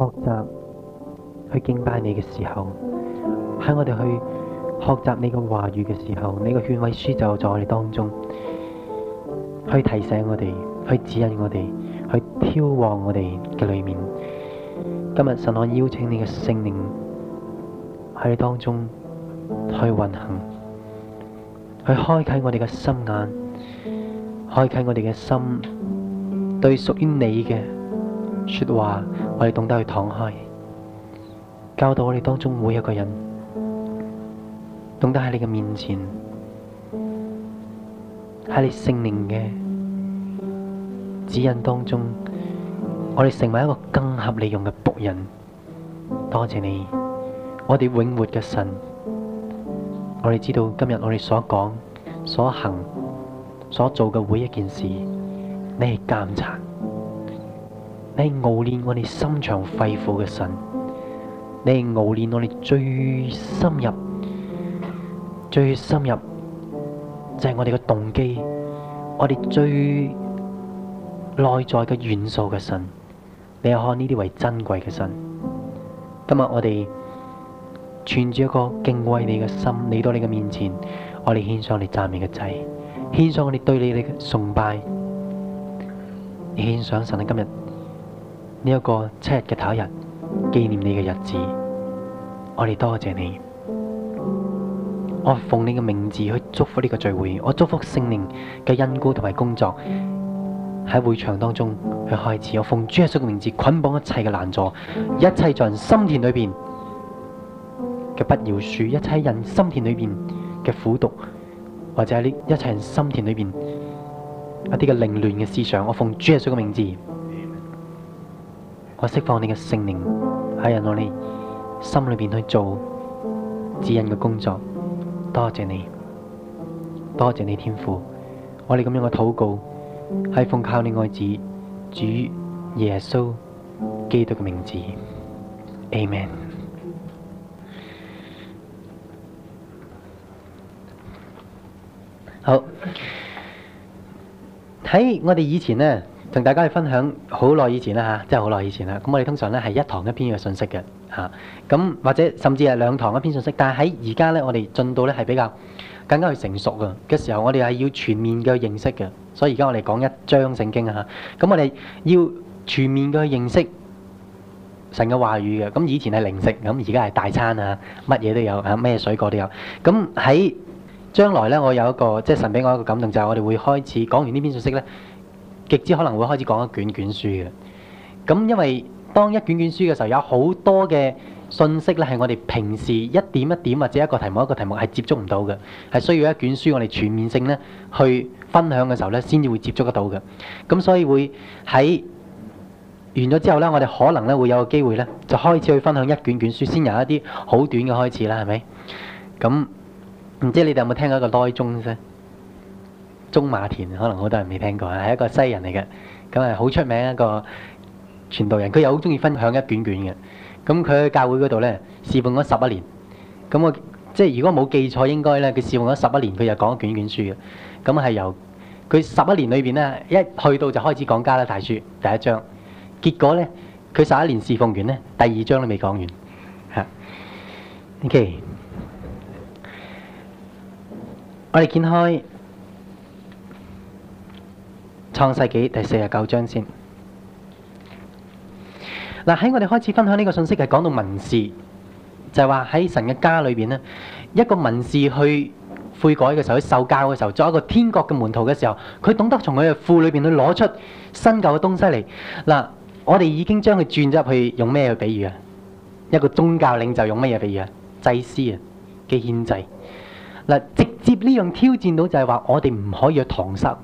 學習去敬拜你嘅時候，喺我哋去學習你嘅話語嘅時候，你嘅勸慰書就在我哋當中，去提醒我哋，去指引我哋，去眺望我哋嘅裏面。今日神，我邀請你嘅聖靈喺你當中去運行，去開啟我哋嘅心眼，開啟我哋嘅心，對屬於你嘅說話。我哋懂得去躺開，教導我哋當中每一個人懂得喺你嘅面前，喺你聖靈嘅指引當中，我哋成為一個更合理用嘅僕人。多謝你，我哋永活嘅神，我哋知道今日我哋所講、所行、所做嘅每一件事，你係鑒察。你係熬煉我哋心腸肺腑嘅神，你係熬煉我哋最深入、最深入，就係我哋嘅動機，我哋最內在嘅元素嘅神。你看呢啲為珍貴嘅神。今日我哋存住一個敬畏你嘅心嚟到你嘅面前，我哋獻上我哋讚美嘅祭，獻上我哋對你嘅崇拜，獻上神你今日。呢、這、一個七日嘅頭一日，紀念你嘅日子，我哋多謝你。我奉你嘅名字去祝福呢個聚會，我祝福聖靈嘅恩膏同埋工作喺會場當中去開始。我奉主耶穌嘅名字捆綁一切嘅攔阻，一切在人心田裏邊嘅不饒恕，一切人心田裏邊嘅苦毒，或者係呢一切人心田裏邊一啲嘅凌亂嘅思想。我奉主耶穌嘅名字。我釋放你嘅聖靈喺人我哋心裏邊去做指引嘅工作，多謝你，多謝你天父，我哋咁樣嘅禱告係奉靠你愛子主耶穌基督嘅名字，Amen。好，睇我哋以前呢。同大家去分享好耐以前啦吓，即係好耐以前啦。咁我哋通常咧係一堂一篇嘅信息嘅吓，咁或者甚至係兩堂一篇信息。但係喺而家咧，我哋進度咧係比較更加去成熟嘅嘅時候，我哋係要全面嘅認識嘅。所以而家我哋講一章聖經啊嚇，咁我哋要全面嘅去認識神嘅話語嘅。咁以前係零食，咁而家係大餐啊，乜嘢都有嚇，咩水果都有。咁喺將來咧，我有一個即係神俾我一個感動，就係我哋會開始講完呢篇信息咧，極之可能會開始講一卷卷書嘅，咁因為當一卷卷書嘅時候，有好多嘅信息咧，係我哋平時一點一點或者一個題目一個題目係接觸唔到嘅，係需要一卷書我哋全面性咧去分享嘅時候咧，先至會接觸得到嘅。咁所以會喺完咗之後咧，我哋可能咧會有個機會咧，就開始去分享一卷卷書，先由一啲好短嘅開始啦，係咪？咁唔知你哋有冇聽過一個拿鴻先？中馬田可能好多人未聽過啊，係一個西人嚟嘅，咁係好出名嘅一個傳道人，佢又好中意分享一卷一卷嘅。咁佢喺教會嗰度咧侍奉咗十一年，咁我即係如果冇記錯應該咧，佢侍奉咗十一年，佢又講一卷一卷書嘅。咁係由佢十一年裏邊咧，一去到就開始講加拉太書第一章，結果咧佢十一年侍奉完咧，第二章都未講完嚇。OK，我哋見開。創世紀第四十九章先。嗱，喺我哋開始分享呢個信息，係講到文士，就係話喺神嘅家裏邊咧，一個文士去悔改嘅時候，受教嘅時候，作一個天國嘅門徒嘅時候，佢懂得從佢嘅庫裏邊去攞出新舊嘅東西嚟。嗱，我哋已經將佢轉咗入去用咩去比喻啊？一個宗教領袖用乜嘢比喻啊？祭司啊嘅獻祭。嗱，直接呢樣挑戰到就係話，我哋唔可以去搪塞。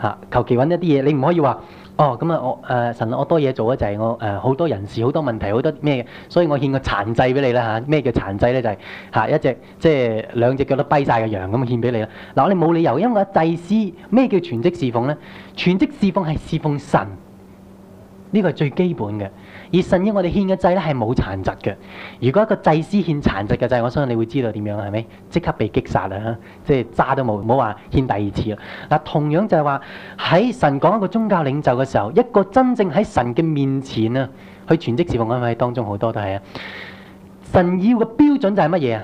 嚇、啊！求其揾一啲嘢，你唔可以話哦咁啊！我誒、呃、神，我多嘢做啊！就係、是、我誒好、呃、多人事、好多問題、好多咩，嘅」。所以我獻個殘祭俾你啦嚇！咩、啊、叫殘祭咧？就係、是、嚇、啊、一隻即係兩隻腳都跛晒嘅羊咁啊，獻俾你啦！嗱，我哋冇理由，因為祭司咩叫全職侍奉咧？全職侍奉係侍奉神，呢、這個係最基本嘅。而神要我哋獻嘅祭咧係冇殘疾嘅。如果一個祭司獻殘疾嘅祭，我相信你會知道點樣，係咪即刻被擊殺啦？嚇，即係渣都冇，冇話獻第二次啦。嗱，同樣就係話喺神講一個宗教領袖嘅時候，一個真正喺神嘅面前啊，去全職侍奉係咪當中好多都係啊。神要嘅標準就係乜嘢啊？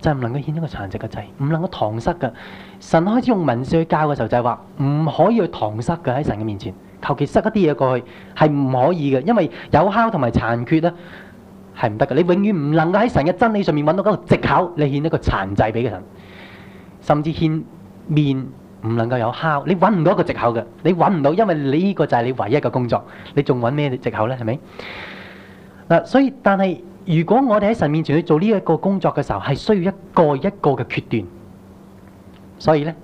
就係、是、唔能夠獻一個殘疾嘅祭，唔能夠搪塞嘅。神開始用文書去教嘅時候就係、是、話，唔可以去搪塞嘅喺神嘅面前。求其塞一啲嘢過去係唔可以嘅，因為有敲同埋殘缺咧係唔得嘅。你永遠唔能夠喺神嘅真理上面揾到嗰個藉口嚟獻一個殘廢俾神，甚至獻麵唔能夠有敲，你揾唔到一個藉口嘅，你揾唔到，因為你呢個就係你唯一嘅工作，你仲揾咩藉口咧？係咪嗱？所以但係如果我哋喺神面前去做呢一個工作嘅時候，係需要一個一個嘅決斷，所以咧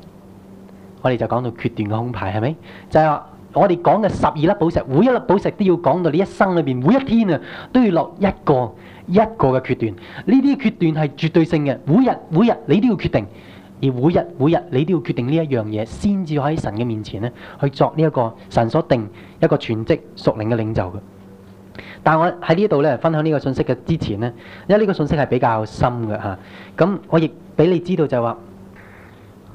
我哋就講到決斷嘅胸牌係咪就係話？我哋講嘅十二粒寶石，每一粒寶石都要講到你一生裏邊，每一天啊都要落一個一個嘅決斷。呢啲決斷係絕對性嘅，每日每日你都要決定，而每日每日你都要決定呢一樣嘢，先至可以喺神嘅面前咧，去作呢一個神所定一個全職屬靈嘅領袖嘅。但係我喺呢度咧分享呢個信息嘅之前咧，因為呢個信息係比較深嘅吓，咁、啊、我亦俾你知道就係話。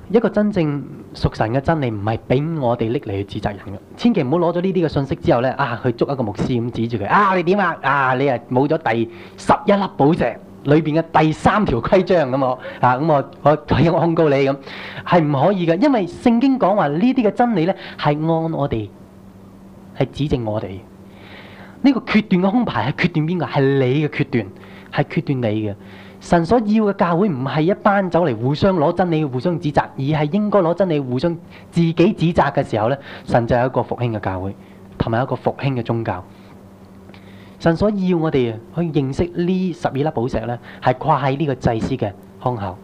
一個真正屬神嘅真理，唔係俾我哋拎嚟去指責人嘅。千祈唔好攞咗呢啲嘅信息之後咧，啊，去捉一個牧師咁指住佢，啊，你點啊？啊，你啊冇咗第十一粒寶石裏邊嘅第三條規章咁我，啊，咁我我喺我控告你咁，係唔可以嘅，因為聖經講話呢啲嘅真理咧，係按我哋係指正我哋。呢、這個決斷嘅胸牌係決斷邊個？係你嘅決斷，係決斷你嘅。神所要嘅教會唔係一班走嚟互相攞真理互相指責，而係應該攞真理互相自己指責嘅時候咧，神就係一個復興嘅教會，同埋一個復興嘅宗教。神所要我哋去認識呢十二粒寶石咧，係掛喺呢個祭司嘅胸口。呢、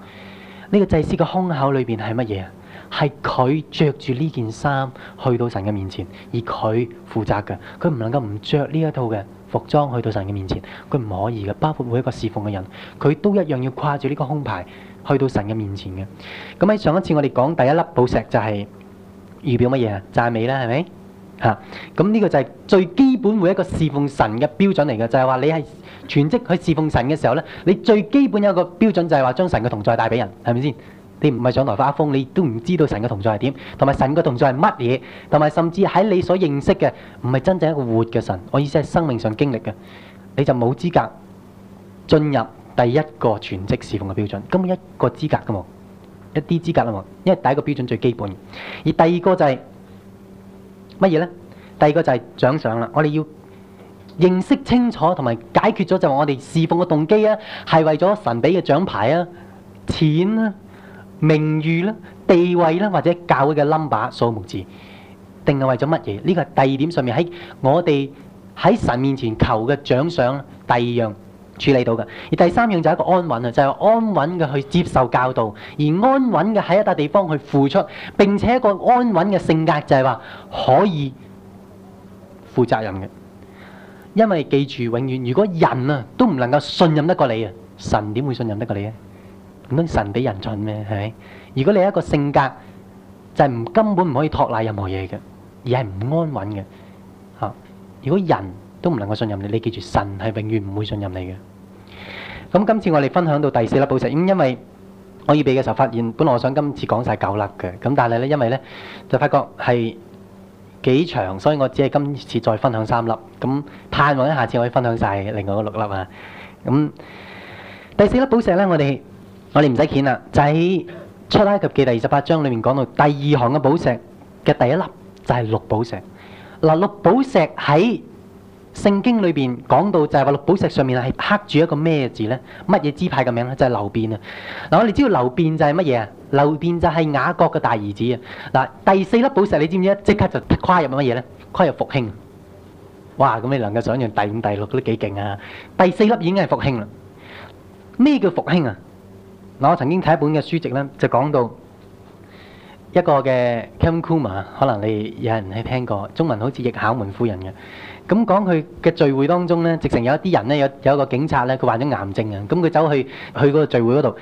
呢個祭司嘅胸口裏邊係乜嘢啊？係佢着住呢件衫去到神嘅面前，而佢負責嘅，佢唔能夠唔着呢一套嘅。服裝去到神嘅面前，佢唔可以嘅。包括每一個侍奉嘅人，佢都一樣要跨住呢個胸牌去到神嘅面前嘅。咁喺上一次我哋講第一粒寶石就係預表乜嘢啊？讚美啦，係咪？吓，咁呢個就係最基本每一個侍奉神嘅標準嚟嘅，就係話你係全職去侍奉神嘅時候咧，你最基本有一個標準就係話將神嘅同在帶俾人，係咪先？你唔係上來發瘋你都唔知道神嘅同在係點，同埋神嘅同在係乜嘢，同埋甚至喺你所認識嘅唔係真正一個活嘅神。我意思係生命上經歷嘅，你就冇資格進入第一個全職侍奉嘅標準，根本一個資格㗎嘛，一啲資格啦喎，因為第一個標準最基本的。而第二個就係乜嘢呢？第二個就係獎賞啦。我哋要認識清楚，同埋解決咗就話我哋侍奉嘅動機啊，係為咗神俾嘅獎牌啊，錢啊。名譽啦、地位啦，或者教會嘅 number 數目字，定係為咗乜嘢？呢個係第二點上面喺我哋喺神面前求嘅獎賞，第二樣處理到嘅。而第三樣就係一個安穩啊，就係安穩嘅去接受教導，而安穩嘅喺一笪地方去付出，並且一個安穩嘅性格就係話可以負責任嘅。因為記住，永遠如果人啊都唔能夠信任得過你啊，神點會信任得過你啊？唔通神俾人蠢咩？係咪？如果你係一個性格就係唔，根本唔可以託賴任何嘢嘅，而係唔安穩嘅嚇。如果人都唔能夠信任你，你記住神係永遠唔會信任你嘅。咁今次我哋分享到第四粒寶石，咁因為我預備嘅時候發現，本來我想今次講晒九粒嘅，咁但係咧因為咧就發覺係幾長，所以我只係今次再分享三粒。咁盼望一下次可以分享晒另外嗰六粒啊。咁第四粒寶石咧，我哋。我哋唔使謾錢啦，就喺出埃及記第二十八章裏面講到第二行嘅寶石嘅第一粒就係綠寶石。嗱，綠寶石喺聖經裏邊講到就係話綠寶石上面係刻住一個咩字咧？乜嘢支派嘅名咧？就係流便啊！嗱，我哋知道流便就係乜嘢啊？流便就係雅各嘅大兒子啊！嗱，第四粒寶石你知唔知啊？即刻就跨入乜嘢咧？跨入復興。哇！咁你能夠想象第五、第六都幾勁啊？第四粒已經係復興啦。咩叫復興啊？嗱，我曾經睇一本嘅書籍咧，就講到一個嘅 Cam Kuma，可能你有人係聽過，中文好似《易考門夫人》嘅。咁講佢嘅聚會當中咧，直情有一啲人咧，有有一個警察咧，佢患咗癌症啊。咁佢走去去嗰個聚會嗰度，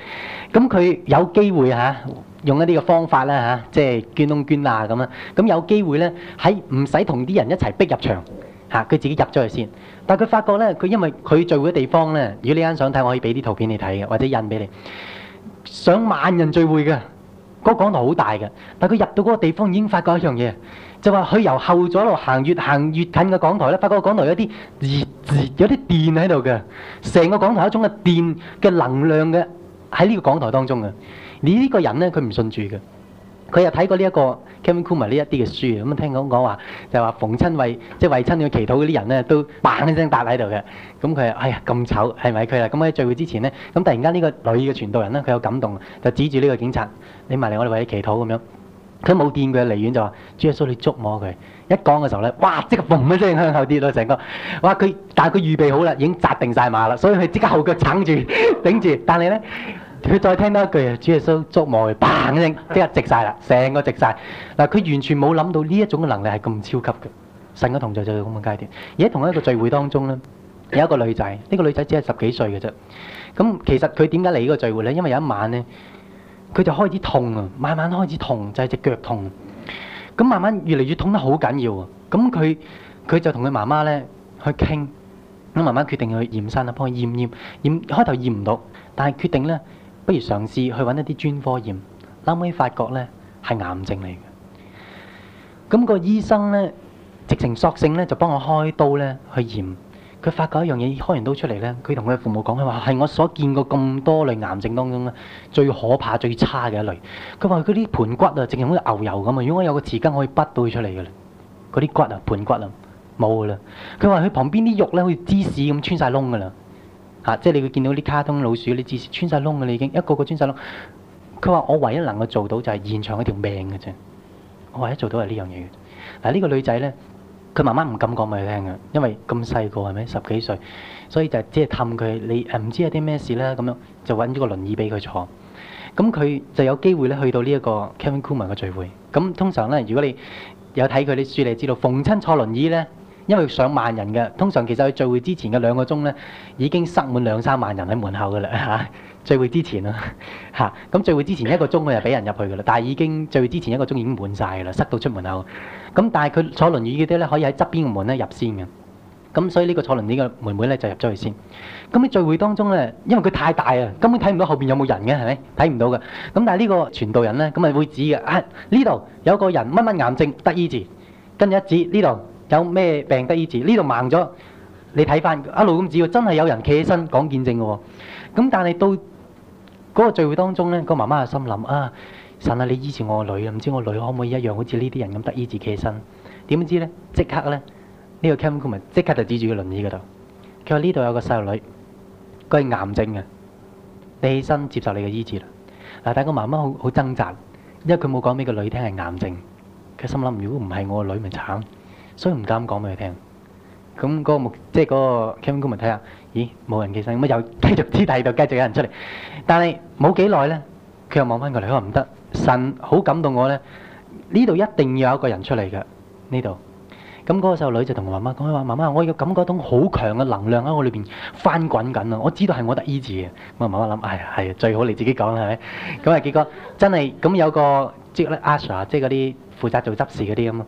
咁佢有機會嚇、啊、用一啲嘅方法啦嚇，即係捐窿捐罅咁樣。咁有機會咧喺唔使同啲人一齊逼入場嚇，佢自己入咗去先。但係佢發覺咧，佢因為佢聚會嘅地方咧，如果你啱想睇，我可以俾啲圖片你睇嘅，或者印俾你。上萬人聚會嘅，嗰個講台好大嘅，但佢入到嗰個地方已經發覺一樣嘢，就話佢由後左路行，越行越近嘅講台咧，發覺講台有啲熱熱，有啲電喺度嘅，成個講台一種嘅電嘅能量嘅喺呢個講台當中嘅，你呢個人咧佢唔信住嘅。佢又睇過呢一個 Carmen Kummer 呢一啲嘅書，咁啊聽講講話就話逢親為即係為親去祈禱嗰啲人咧，都 bang 一聲答喺度嘅。咁佢話：哎呀咁醜，係咪佢啊？咁喺聚會之前咧，咁突然間呢個女嘅傳道人咧，佢有感動，就指住呢個警察：你埋嚟，我哋為你祈禱咁樣。佢冇電佢離遠就話：主耶穌，你捉摸佢。一講嘅時候咧，哇！即刻嘣一聲整向後跌落成個。哇！佢但係佢預備好啦，已經扎定晒馬啦，所以佢即刻後腳撐住頂住。但係咧。佢再聽到一句，主耶穌捉摸佢，砰咁聲，即刻直曬啦，成個直曬。嗱，佢完全冇諗到呢一種嘅能力係咁超級嘅，神嘅同在就係咁嘅階段。而喺同一個聚會當中咧，有一個女仔，呢個女仔只係十幾歲嘅啫。咁其實佢點解嚟呢個聚會咧？因為有一晚咧，佢就開始痛啊，慢慢開始痛，就係隻腳痛。咁慢慢越嚟越痛得好緊要啊。咁佢佢就同佢媽媽咧去傾，咁媽媽決定去驗身啦，幫佢驗驗驗。開頭驗唔到，但係決定咧。不如嘗試去揾一啲專科驗，啱啱發覺呢係癌症嚟嘅。咁個醫生呢直情索性呢就幫我開刀呢去驗。佢發覺一樣嘢，開完刀出嚟呢，佢同佢父母講：佢話係我所見過咁多類癌症當中呢最可怕、最差嘅一類。佢話佢啲盤骨啊，直情好似牛油咁啊，如果我有個匙羹可以筆到佢出嚟嘅啦，嗰啲骨啊盤骨啊，冇嘅啦。佢話佢旁邊啲肉呢好似芝士咁穿晒窿嘅啦。啊！即係你會見到啲卡通老鼠，你自穿曬窿嘅你已經，一個個穿曬窿。佢話：我唯一能夠做到就係延長一條命嘅啫。我唯一做到係呢樣嘢。嗱、啊，呢、呢個女仔咧，佢媽媽唔敢講俾佢聽嘅，因為咁細個係咪？十幾歲，所以就只係氹佢。你誒唔知有啲咩事啦咁樣，就搵咗個輪椅俾佢坐。咁佢就有機會咧去到呢一個 Kevin Kooiman 嘅聚會。咁通常咧，如果你有睇佢啲書你知道，逢親坐輪椅咧。因為上萬人嘅，通常其實喺聚會之前嘅兩個鐘咧，已經塞滿兩三萬人喺門口嘅啦嚇。聚會之前啊，嚇、嗯，咁聚會之前一個鐘佢就俾人入去嘅啦，但係已經聚會之前一個鐘已經滿晒嘅啦，塞到出門口。咁、嗯、但係佢坐輪椅嗰啲咧，可以喺側邊個門咧入先嘅。咁、嗯、所以呢個坐輪椅嘅妹妹咧就入咗去先。咁、嗯、喺聚會當中咧，因為佢太大啊，根本睇唔到後邊有冇人嘅係咪？睇唔到嘅。咁、嗯、但係呢個傳道人咧，咁咪會指嘅啊，呢度有個人乜乜癌症得醫治，跟住一指呢度。有咩病得醫治？呢度盲咗，你睇翻一路咁指喎，真係有人企起身講見證嘅喎。咁但係到嗰個聚會當中咧，個媽媽就心諗啊，神啊！你醫治我個女啊，唔知我女可唔可以一樣好似呢啲人咁得醫治企起身？點知咧，即刻咧呢個 camcorder 即刻就指住個輪椅嗰度，佢話呢度有個細路女，佢係癌症嘅，你起身接受你嘅醫治啦。嗱，但個媽媽好好掙扎，因為佢冇講俾個女聽係癌症，佢心諗如果唔係我個女咪慘。所以唔敢講俾佢聽。咁嗰個木，即係嗰個 cam 睇下？咦，冇人起身，咁又繼續黐底度，繼續有人出嚟。但係冇幾耐咧，佢又望翻過嚟，佢話唔得，神好感動我咧，呢度一定要有一個人出嚟㗎，呢度。咁、那、嗰個細路女就同媽媽講，佢話媽媽，我有感覺到好強嘅能量喺我裏邊翻滾緊啊！我知道係我得醫治嘅。咁啊，媽媽諗，係、哎、係最好你自己講啦，係咪？咁啊，結果真係咁有個即阿 sir 即係嗰啲負責做執事嗰啲咁啊。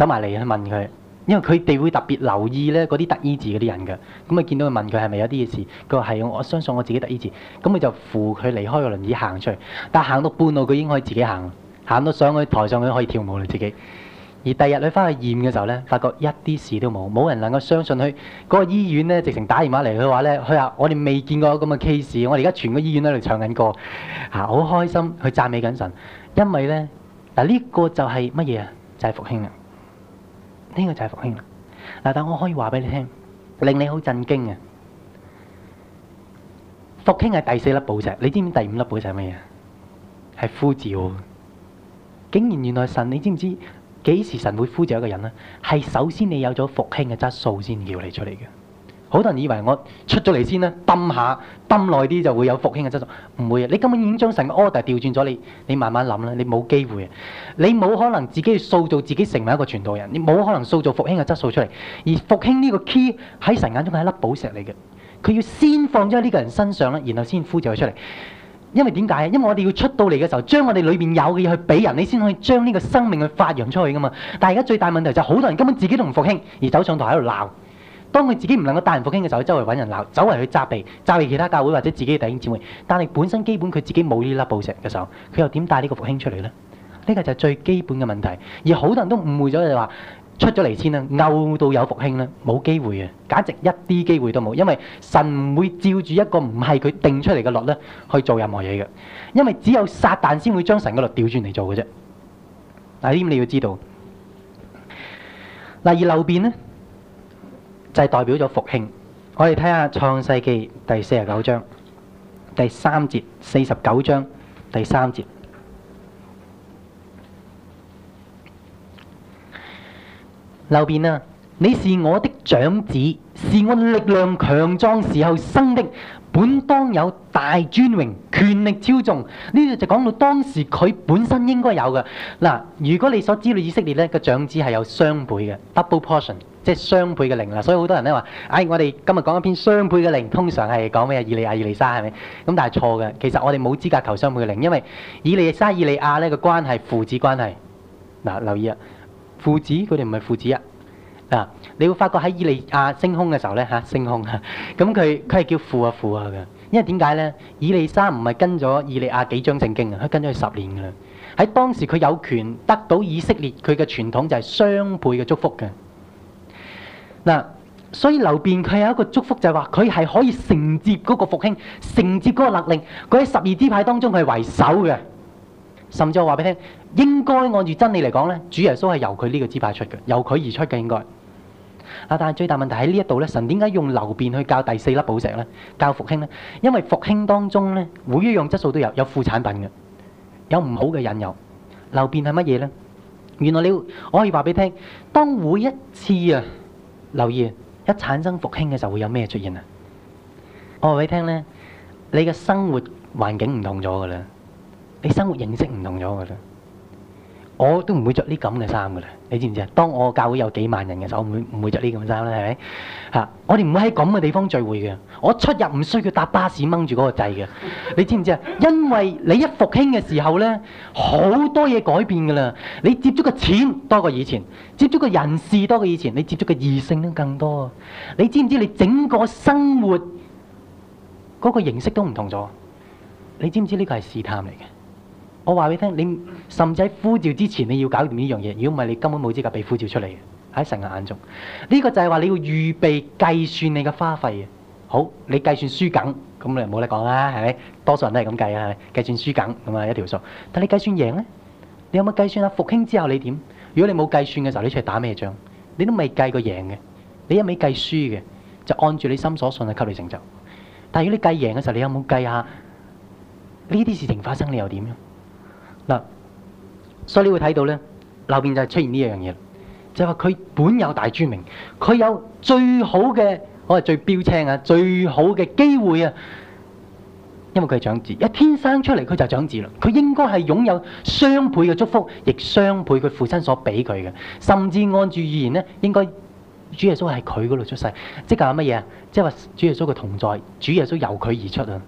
走埋嚟去問佢，因為佢哋會特別留意咧，嗰啲得醫治嗰啲人嘅咁啊。見到佢問佢係咪有啲嘢事，佢話係，我相信我自己得醫治咁。佢、嗯、就扶佢離開個輪椅行出去，但行到半路佢已經可以自己行，行到上去台上去都可以跳舞啦自己。而第日佢翻去驗嘅時候咧，發覺一啲事都冇，冇人能夠相信佢嗰、嗰個醫院咧，直情打電話嚟佢話咧，佢話我哋未見過咁嘅 case，我哋而家全個醫院喺度唱緊歌好、嗯、開心去讚美緊神，因為咧嗱呢呢個就係乜嘢啊？就係、是、復興啊！呢、這個就係復興啦！嗱，但我可以話俾你聽，令你好震驚啊，復興係第四粒寶石，你知唔知第五粒寶石乜嘢？係呼召。竟然原來神，你知唔知幾時神會呼召一個人咧、啊？係首先你有咗復興嘅質素，先叫你出嚟嘅。好多人以為我出咗嚟先啦，掟下掟耐啲就會有復興嘅質素，唔會啊！你根本已經將成個 order 調轉咗，你你慢慢諗啦，你冇機會啊！你冇可能自己去塑造自己成為一個傳道人，你冇可能塑造復興嘅質素出嚟。而復興呢個 key 喺神眼中係一粒寶石嚟嘅，佢要先放咗喺呢個人身上啦，然後先呼召佢出嚟。因為點解？因為我哋要出到嚟嘅時候，將我哋裏邊有嘅嘢去俾人，你先可以將呢個生命去發揚出去噶嘛。但係而家最大問題就係，好多人根本自己都唔復興，而走上台喺度鬧。當佢自己唔能夠帶人復興嘅時候，周圍揾人鬧，走嚟去責備，責備其他教會或者自己嘅弟兄姊妹，但係本身基本佢自己冇呢粒寶石嘅時候，佢又點帶呢個復興出嚟咧？呢個就係最基本嘅問題。而好多人都誤會咗就係話出咗嚟先啦，拗到有復興啦，冇機會嘅，簡直一啲機會都冇，因為神唔會照住一個唔係佢定出嚟嘅律咧去做任何嘢嘅，因為只有撒但先會將神嘅律調轉嚟做嘅啫。嗱，呢點你要知道。嗱，而流便咧。就係代表咗復興。我哋睇下《創世記》第四十九章第三節，四十九章第三節。流便啊，你是我的長子，是我力量強壯時候生的。本當有大尊榮，權力超重。呢度就講到當時佢本身應該有嘅。嗱，如果你所知道以色列咧嘅獎子長子係有雙倍嘅 double portion，即係雙倍嘅靈啦。所以好多人咧話，哎，我哋今日講一篇雙倍嘅靈，通常係講咩啊？以利亞、以利沙係咪？咁但係錯嘅。其實我哋冇資格求雙倍嘅靈，因為以利沙、以利亞呢個關係父子關係。嗱，留意啊，父子佢哋唔係父子啊。啊！你會發覺喺以利亞升空嘅時候咧嚇、啊，升空，咁佢佢係叫父啊父啊嘅，因為點解咧？以利沙唔係跟咗以利亞幾張聖經，佢跟咗佢十年嘅啦。喺當時佢有權得到以色列，佢嘅傳統就係雙倍嘅祝福嘅。嗱、啊，所以流便佢有一個祝福，就係話佢係可以承接嗰個復興，承接嗰個勒令，佢喺十二支派當中佢係為首嘅。甚至我話俾你聽，應該按住真理嚟講咧，主耶穌係由佢呢個支派出嘅，由佢而出嘅應該。啊！但係最大問題喺呢一度咧，神點解用流變去教第四粒寶石咧？教復興咧？因為復興當中咧，每一樣質素都有有副產品嘅，有唔好嘅引誘。流變係乜嘢咧？原來你我可以話俾你聽，當每一次啊留意啊，一產生復興嘅時候會有咩出現啊？我話俾你聽咧，你嘅生活環境唔同咗噶啦，你生活形式唔同咗噶啦。我都唔會着呢咁嘅衫噶啦，你知唔知啊？當我教會有幾萬人嘅時候，我唔會唔會着呢咁嘅衫啦，係咪？嚇，我哋唔會喺咁嘅地方聚會嘅。我出入唔需要搭巴士掹住嗰個掣嘅。你知唔知啊？因為你一復興嘅時候呢，好多嘢改變噶啦。你接觸嘅錢多過以前，接觸嘅人事多過以前，你接觸嘅異性都更多。你知唔知你整個生活嗰個形式都唔同咗？你知唔知呢個係試探嚟嘅？我話畀你聽，你甚至喺呼召之前，你要搞掂呢樣嘢。如果唔係，你根本冇資格被呼召出嚟。喺神嘅眼中，呢、這個就係話你要預備計算你嘅花費嘅。好，你計算輸梗，咁你冇得講啦，係咪？多數人都係咁計啊，係咪？計算輸梗，咁啊一條數。但你計算贏咧，你有冇計算啊？復興之後你點？如果你冇計算嘅時候，你出去打咩仗？你都未計過贏嘅，你一味計輸嘅，就按住你心所信啊給你成就。但如果你計贏嘅時候，你有冇計啊？呢啲事情發生你又點？所以你會睇到咧，後邊就係出現呢一樣嘢，就係話佢本有大尊名，佢有最好嘅，我係最標青啊，最好嘅機會啊，因為佢係長子，一天生出嚟佢就係長子啦，佢應該係擁有雙倍嘅祝福，亦雙倍佢父親所俾佢嘅，甚至按住語言咧，應該主耶穌係佢嗰度出世，即係話乜嘢啊？即係話主耶穌嘅同在，主耶穌由佢而出啊！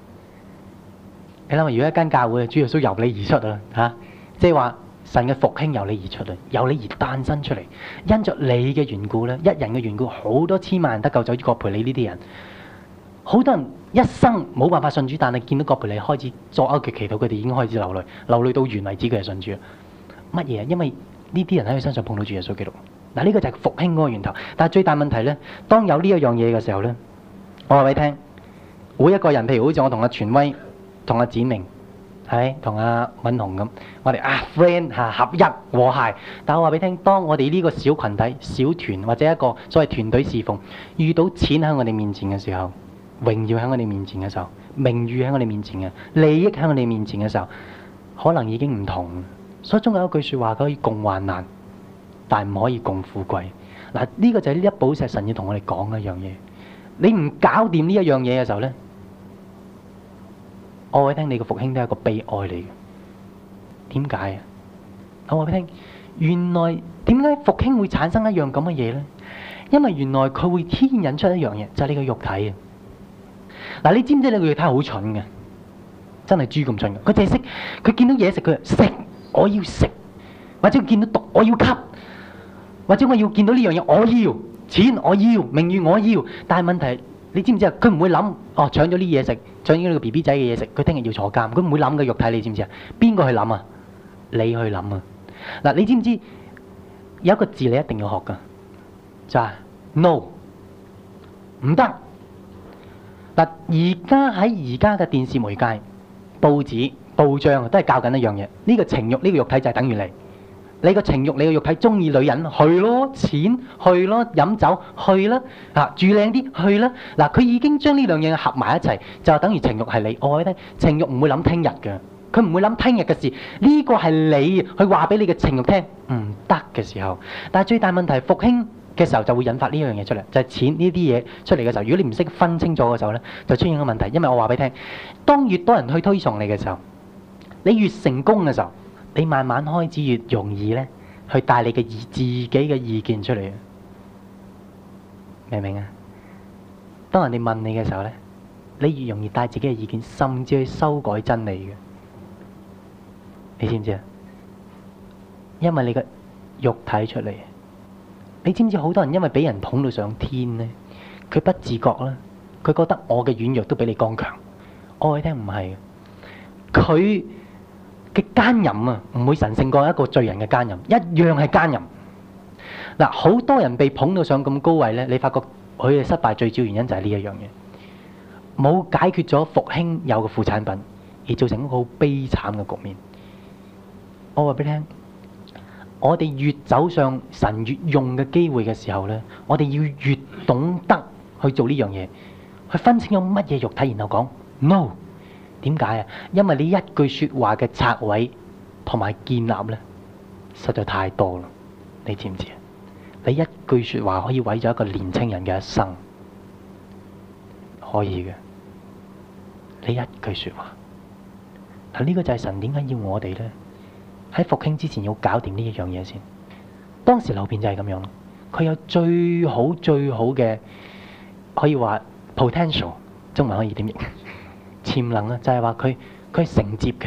如果一間教會嘅主耶穌由你而出啊，吓，即係話神嘅復興由你而出啊，由你而誕生出嚟，因着你嘅緣故咧，一人嘅緣故，好多千萬人得救，就係葛培理呢啲人。好多人一生冇辦法信主，但係見到葛培理開始作惡嘅祈禱，佢哋已經開始流淚，流淚到完為止，佢係信主乜嘢？因為呢啲人喺佢身上碰到住耶穌基督嗱，呢個就係復興嗰個源頭。但係最大問題咧，當有呢一樣嘢嘅時候咧，我話俾你聽，每一個人，譬如好似我同阿全威。同阿子明，係同阿敏紅咁，我哋啊 friend 嚇合一和諧。但係我話俾你聽，當我哋呢個小羣體、小團或者一個所謂團隊侍奉，遇到錢喺我哋面前嘅時候，榮耀喺我哋面前嘅時候，名譽喺我哋面前嘅，利益喺我哋面前嘅時候，可能已經唔同。所以中國有一句説話，可以共患難，但唔可以共富貴。嗱，呢個就係一寶石神要同我哋講嘅一樣嘢。你唔搞掂呢一樣嘢嘅時候咧？我話俾你聽，你個復興都係一個悲哀嚟嘅。點解啊？我話俾你聽，原來點解復興會產生一樣咁嘅嘢咧？因為原來佢會牽引出一樣嘢，就係呢個肉體嘅。嗱，你知唔知你個肉體好蠢嘅？真係豬咁蠢嘅。佢淨係識，佢見到嘢食佢食，我要食；或者見到毒我要吸；或者我要見到呢樣嘢我要錢，我要名譽，我要，錢我要名譽我要，但係問題，你知唔知啊？佢唔會諗，哦，搶咗啲嘢食。將呢個 B B 仔嘅嘢食，佢聽日要坐監，佢唔會諗嘅肉體，你知唔知啊？邊個去諗啊？你去諗啊！嗱，你知唔知有一個字你一定要學㗎，就係、是、No，唔得。嗱，而家喺而家嘅電視媒介、報紙、報章都係教緊一樣嘢，呢、這個情慾，呢、這個肉體就係等於你。你個情欲，你個肉體中意女人，去咯，錢去咯，飲酒去啦，嚇住靚啲去啦。嗱，佢已經將呢兩樣合埋一齊，就等於情欲係你愛咧。情欲唔會諗聽日嘅，佢唔會諗聽日嘅事。呢、呢個係你，去話俾你嘅情欲聽唔得嘅時候。但係最大問題是復興嘅時候就會引發呢樣嘢出嚟，就係、是、錢呢啲嘢出嚟嘅時候。如果你唔識分清楚嘅時候咧，就出現個問題。因為我話俾你聽，當越多人去推崇你嘅時候，你越成功嘅時候。你慢慢開始越容易咧，去帶你嘅意自己嘅意見出嚟，明唔明啊？當人哋問你嘅時候咧，你越容易帶自己嘅意見，甚至去修改真理嘅，你知唔知啊？因為你嘅肉體出嚟，你知唔知好多人因為俾人捧到上天咧，佢不自覺啦，佢覺得我嘅軟弱都比你剛強，我哋聽唔係嘅，佢嘅奸淫啊，唔會神聖過一個罪人嘅奸淫，一樣係奸淫。嗱，好多人被捧到上咁高位咧，你發覺佢嘅失敗最主要原因就係呢一樣嘢，冇解決咗復興有嘅副產品，而造成一個好悲慘嘅局面。我話俾你聽，我哋越走上神越用嘅機會嘅時候咧，我哋要越懂得去做呢樣嘢，去分清咗乜嘢肉體，然後講 no。點解啊？因為你一句說話嘅拆毀同埋建立咧，實在太多啦！你知唔知啊？你一句說話可以毀咗一個年青人嘅一生，可以嘅。你一句說話，嗱，呢個就係神點解要我哋咧？喺復興之前要搞掂呢一樣嘢先。當時劉片就係咁樣，佢有最好最好嘅，可以話 potential，中文可以點譯？潛能啊，就係話佢佢承接嘅，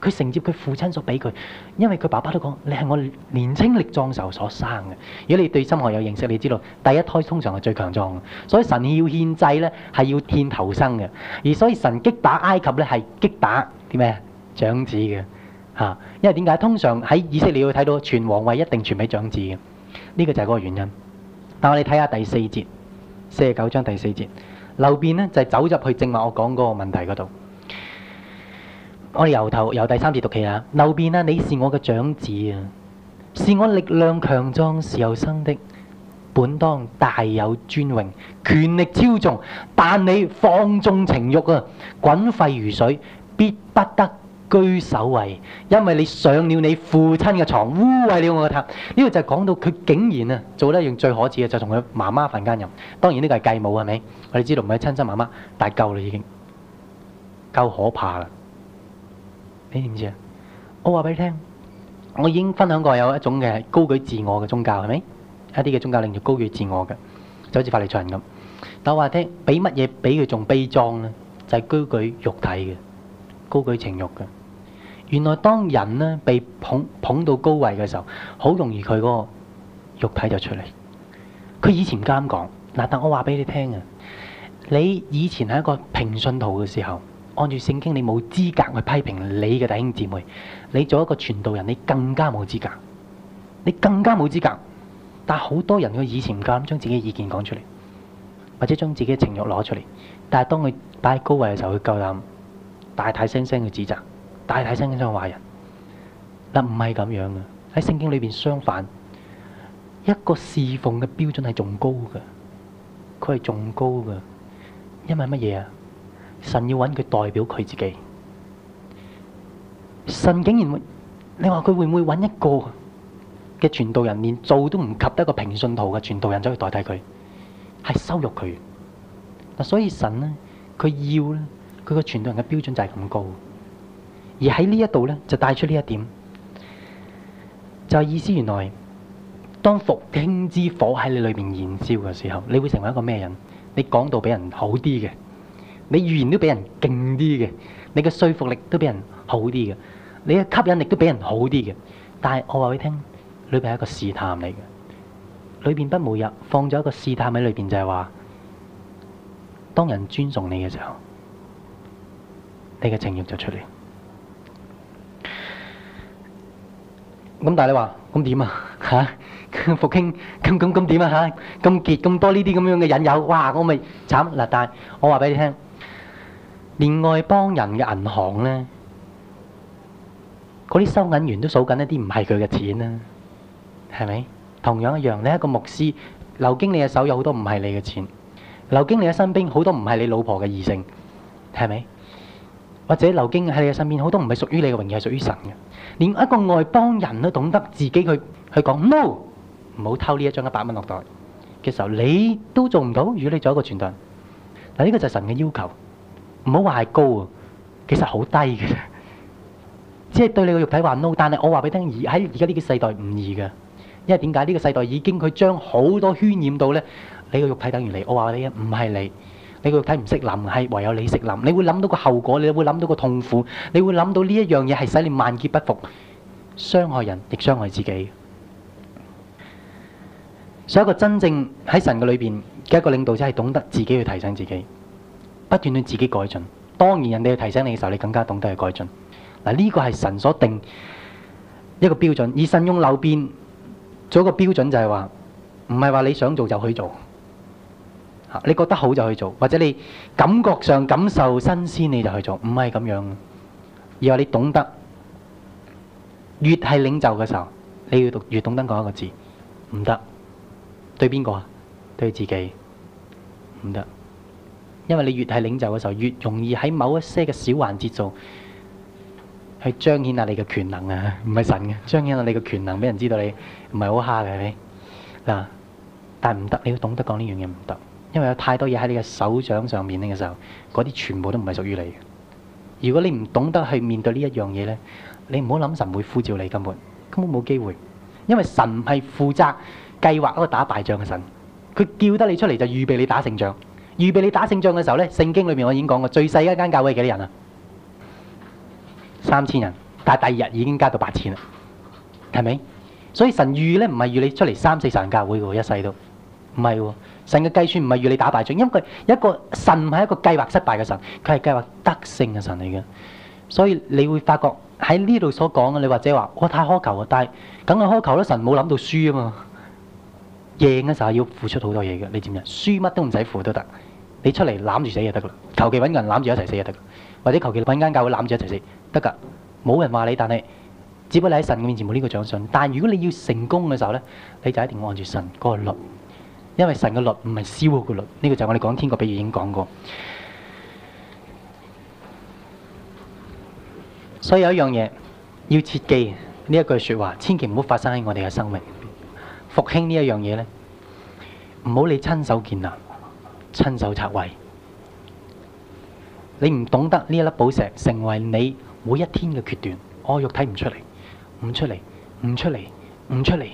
佢承接佢父親所俾佢。因為佢爸爸都講，你係我年青力壯時所生嘅。如果你對心學有認識，你知道第一胎通常係最強壯嘅。所以神要獻祭呢，係要獻頭生嘅。而所以神擊打埃及呢，係擊打啲咩長子嘅嚇、啊。因為點解通常喺以色列會睇到全王位一定傳俾長子嘅，呢、這個就係嗰個原因。但我哋睇下第四節，四十九章第四節。流便呢就係走入去，正話我講嗰個問題嗰度。我哋由頭由第三節讀起啊。流便啊，你是我嘅長子啊，是我力量強壯時候生的，本當大有尊榮，權力超眾，但你放縱情欲啊，滾沸如水，必不得。居首位，因為你上了你父親嘅床，污穢了我嘅塔。呢個就係講到佢竟然啊，做得一樣最可恥嘅，就同佢媽媽瞓間入。當然呢個係繼母係咪？我哋知道唔係親生媽媽，但係夠啦已經夠，夠可怕啦。你點知啊？我話俾你聽，我已經分享過有一種嘅高舉自我嘅宗教係咪？一啲嘅宗教令到高舉自我嘅，就好似法利賽人咁。但我話聽，俾乜嘢比佢仲悲壯咧？就係高舉肉體嘅，高舉情慾嘅。原來當人被捧捧到高位嘅時候，好容易佢嗰個肉體就出嚟。佢以前唔敢講嗱，但我話俾你聽啊！你以前係一個平信徒嘅時候，按住聖經你冇資格去批評你嘅弟兄姊妹。你做一個傳道人，你更加冇資格，你更加冇資格。但好多人佢以前唔敢將自己嘅意見講出嚟，或者將自己嘅情欲攞出嚟。但係當佢擺喺高位嘅時候，佢夠膽大大聲聲去指責。大大聲咁樣話人。嗱，唔係咁樣嘅。喺聖經裏邊，相反，一個侍奉嘅標準係仲高嘅，佢係仲高嘅，因為乜嘢啊？神要搵佢代表佢自己，神竟然會，你話佢會唔會搵一個嘅傳道人，連做都唔及得個平信徒嘅傳道人走去代替佢，係羞辱佢。嗱，所以神咧佢要咧，佢個傳道人嘅標準就係咁高。而喺呢一度咧，就帶出呢一點，就係意思。原來當復興之火喺你裏面燃燒嘅時候，你會成為一個咩人？你講道俾人好啲嘅，你語言都俾人勁啲嘅，你嘅說服力都俾人好啲嘅，你嘅吸引力都俾人好啲嘅。但係我話俾你聽，裏邊係一個試探嚟嘅，裏邊不無藥，放咗一個試探喺裏邊，就係話，當人尊重你嘅時候，你嘅情慾就出嚟。咁但係你話，咁點啊吓？復興咁咁咁點啊吓？咁、啊啊、結咁多呢啲咁樣嘅引誘，哇！我咪慘嗱！但係我話俾你聽，連外邦人嘅銀行咧，嗰啲收銀員都數緊一啲唔係佢嘅錢啦、啊，係咪？同樣一樣，你一個牧師，劉經你嘅手有好多唔係你嘅錢，劉經你嘅身邊好多唔係你老婆嘅異性，係咪？或者劉經喺你嘅身邊好多唔係屬於你嘅榮譽係屬於神嘅。連一個外邦人都懂得自己去去講 no，唔好偷呢一張一百蚊落袋嘅時候，你都做唔到。如果你做一個傳道人，嗱呢個就係神嘅要求，唔好話係高啊，其實好低嘅，即係對你個肉體話 no。但係我話俾你聽，而喺而家呢個世代唔易㗎，因為點解呢個世代已經佢將好多渲染到咧，你個肉體等於你，我話你唔係你。你肉體唔識諗，係唯有你識諗。你會諗到個後果，你會諗到個痛苦，你會諗到呢一樣嘢係使你萬劫不復，傷害人亦傷害自己。所以一個真正喺神嘅裏邊嘅一個領導者，係、就是、懂得自己去提醒自己，不斷對自己改進。當然人哋去提醒你嘅時候，你更加懂得去改進。嗱，呢個係神所定一個標準，以神用扭變做一個標準就是，就係話唔係話你想做就去做。你覺得好就去做，或者你感覺上感受新鮮你就去做，唔係咁樣。而話你懂得，越係領袖嘅時候，你要越懂得講一個字，唔得。對邊個啊？對自己唔得。因為你越係領袖嘅時候，越容易喺某一些嘅小環節做，去彰顯下你嘅權能啊，唔係神嘅，彰顯下你嘅權能俾人知道你唔係好蝦嘅，你嗱，但唔得，你要懂得講呢樣嘢唔得。因為有太多嘢喺你嘅手掌上面咧嘅時候，嗰啲全部都唔係屬於你嘅。如果你唔懂得去面對呢一樣嘢呢，你唔好諗神會呼召你，根本根本冇機會，因為神係負責計劃嗰個打敗仗嘅神。佢叫得你出嚟就預備你打勝仗，預備你打勝仗嘅時候呢，聖經裏面我已經講過，最細一間教會係幾多人啊？三千人，但係第二日已經加到八千啦，係咪？所以神預呢，唔係預你出嚟三四，神教會三四十人教會喎，一世都唔係喎。不是。神嘅計算唔係要你打敗仗，因為一個神唔係一個計劃失敗嘅神，佢係計劃得勝嘅神嚟嘅。所以你會發覺喺呢度所講嘅，你或者話我太苛求啊，但係梗係苛求啦。神冇諗到輸啊嘛，贏嘅時候要付出好多嘢嘅。你知唔知？輸乜都唔使付都得，你出嚟攬住死就得啦。求其揾個人攬住一齊死就得，或者求其揾間教會攬住一齊死得㗎。冇人話你，但係只不過你喺神面前冇呢個獎賞。但係如果你要成功嘅時候咧，你就一定要按住神嗰個律。因為神嘅律唔係消嘅律，呢、這個就係我哋講的天國比喻已經講過。所以有一樣嘢要切記呢一句說話，千祈唔好發生喺我哋嘅生命。復興呢一樣嘢呢，唔好你親手建立，親手拆毀。你唔懂得呢一粒寶石成為你每一天嘅決斷，我、哦、肉睇唔出嚟，唔出嚟，唔出嚟，唔出嚟，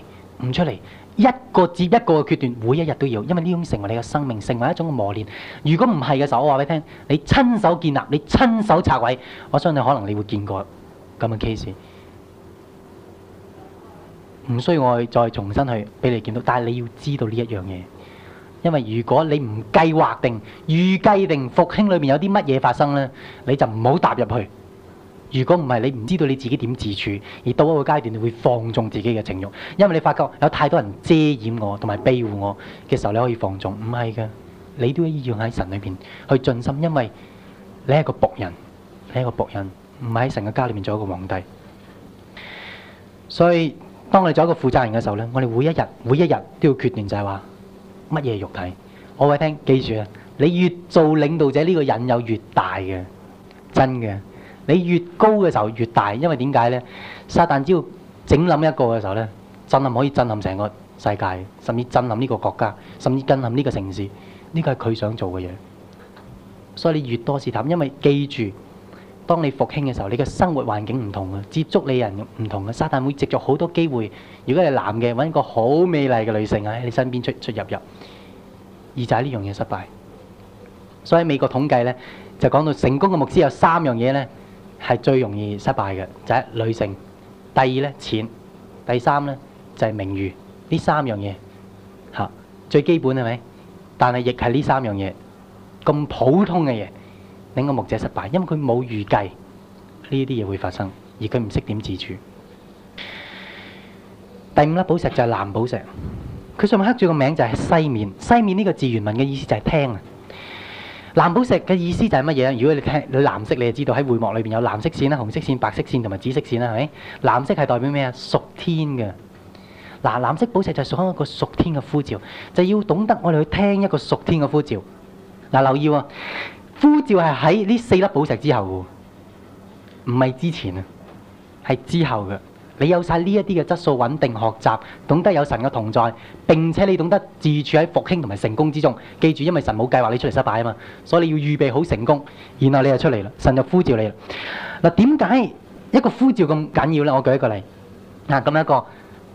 唔出嚟。一個接一個嘅決斷，每一日都要，因為呢種成為你嘅生命，成為一種磨練。如果唔係嘅時候，我話俾你聽，你親手建立，你親手拆毀，我相信可能你會見過咁嘅 case。唔需要我再重新去俾你見到，但係你要知道呢一樣嘢，因為如果你唔計劃定預計定復興裏面有啲乜嘢發生呢，你就唔好踏入去。如果唔係，你唔知道你自己點自處，而到一個階段，你會放縱自己嘅情慾，因為你發覺有太多人遮掩我同埋庇護我嘅時候，你可以放縱。唔係嘅，你都要喺神裏邊去盡心，因為你係個僕人，你係個僕人，唔係喺神嘅家裏面做一個皇帝。所以當你做一個負責人嘅時候呢，我哋每一日每一日都要決定就係話乜嘢肉體。我會聽記住啊，你越做領導者，呢、這個引誘越大嘅，真嘅。你越高嘅時候越大，因為點解咧？撒但只要整冧一個嘅時候咧，震撼可以震撼成個世界，甚至震撼呢個國家，甚至震撼呢個城市。呢個係佢想做嘅嘢。所以你越多試探，因為記住，當你復興嘅時候，你嘅生活環境唔同嘅，接觸你人唔同嘅，撒但會藉著好多機會。如果係男嘅揾一個好美麗嘅女性啊喺你身邊出出入入，而就係呢樣嘢失敗。所以美國統計咧，就講到成功嘅牧師有三樣嘢咧。係最容易失敗嘅，就係女性。第二咧，錢。第三咧，就係、是、名譽。呢三樣嘢嚇最基本係咪？但係亦係呢三樣嘢咁普通嘅嘢，令個牧者失敗，因為佢冇預計呢啲嘢會發生，而佢唔識點自主。第五粒寶石就係藍寶石，佢上面刻住個名字就係西面。西面呢個字原文嘅意思就係聽啊。藍寶石嘅意思就係乜嘢？如果你睇藍色，你就知道喺會幕裏邊有藍色線啦、紅色線、白色線同埋紫色線啦，係咪？藍色係代表咩啊？屬天嘅。嗱，藍色寶石就係屬於一個屬天嘅呼召，就要懂得我哋去聽一個屬天嘅呼召。嗱，留意喎，啊，呼召係喺呢四粒寶石之後嘅，唔係之前啊，係之後嘅。你有晒呢一啲嘅質素，穩定學習，懂得有神嘅同在，並且你懂得自處喺復興同埋成功之中。記住，因為神冇計劃你出嚟失敗啊嘛，所以你要預備好成功，然後你就出嚟啦，神就呼召你啦。嗱，點解一個呼召咁緊要咧？我舉一個例，嗱、啊，咁一個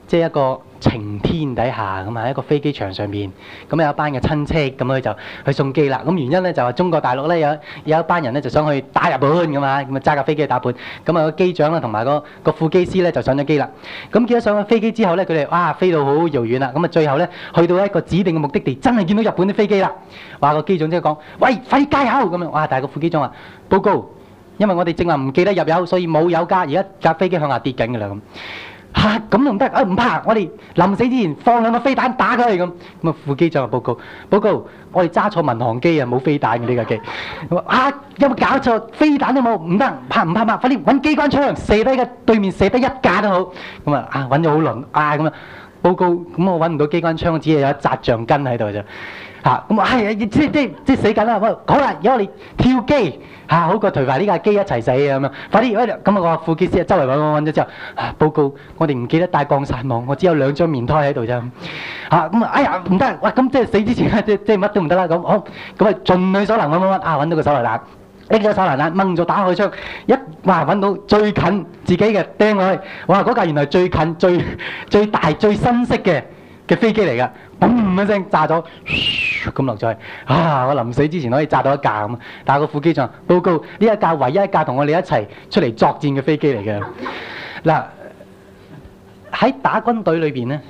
即係一個，就是晴天底下咁啊，一個飛機場上面，咁啊有班嘅親戚咁佢就去送機啦。咁原因咧就話中國大陸咧有有一班人咧就想去打日本咁啊，咁啊揸架飛機去打本。咁啊個機長咧同埋個個副機師咧就上咗機啦。咁見到上咗飛機之後咧，佢哋哇飛到好遙遠啦。咁啊最後咧去到一個指定嘅目的地，真係見到日本啲飛機啦。話個機長即係講：喂，快啲加油咁樣！哇，但係個副機長話：報告，因為我哋正話唔記得入油，所以冇油加，而家架飛機向下跌緊㗎啦咁。吓，咁都唔得啊！唔、啊、怕，我哋臨死之前放兩個飛彈打佢哋咁。咁啊副機長嘅報告，報告，我哋揸錯民航機啊，冇飛彈嘅呢架機。啊有冇搞錯？飛彈都冇，唔得，怕唔怕？怕，快啲揾機關槍射低嘅對面，射低一架都好。咁啊啊，揾咗好耐啊，咁啊，報告，咁我揾唔到機關槍，只係有一扎橡筋喺度啫。嚇！咁啊，哎呀，即即即死緊啦！喂，好啦，如果我哋跳機嚇，好過攤埋呢架機一齊死啊咁樣。快啲！咁啊，我個副機師周圍揾揾揾咗之後，報告我哋唔記得帶降傘網，我只有兩張棉胎喺度啫。嚇！咁啊，哎呀，唔得！喂，咁即係死之前，即即係乜都唔得啦咁。好，咁啊，盡力所能揾揾揾，啊揾到個手榴彈，拎咗手榴彈掹咗打開槍，一哇揾到最近自己嘅掟落去。哇！嗰架原來最近最最大最新式嘅。嘅飛機嚟噶，嘣一聲炸咗，噓，咁落咗去。啊！我臨死之前可以炸到一架咁，但係個副機長報告：呢一架唯一一架同我哋一齊出嚟作戰嘅飛機嚟嘅。嗱，喺打軍隊裏邊咧，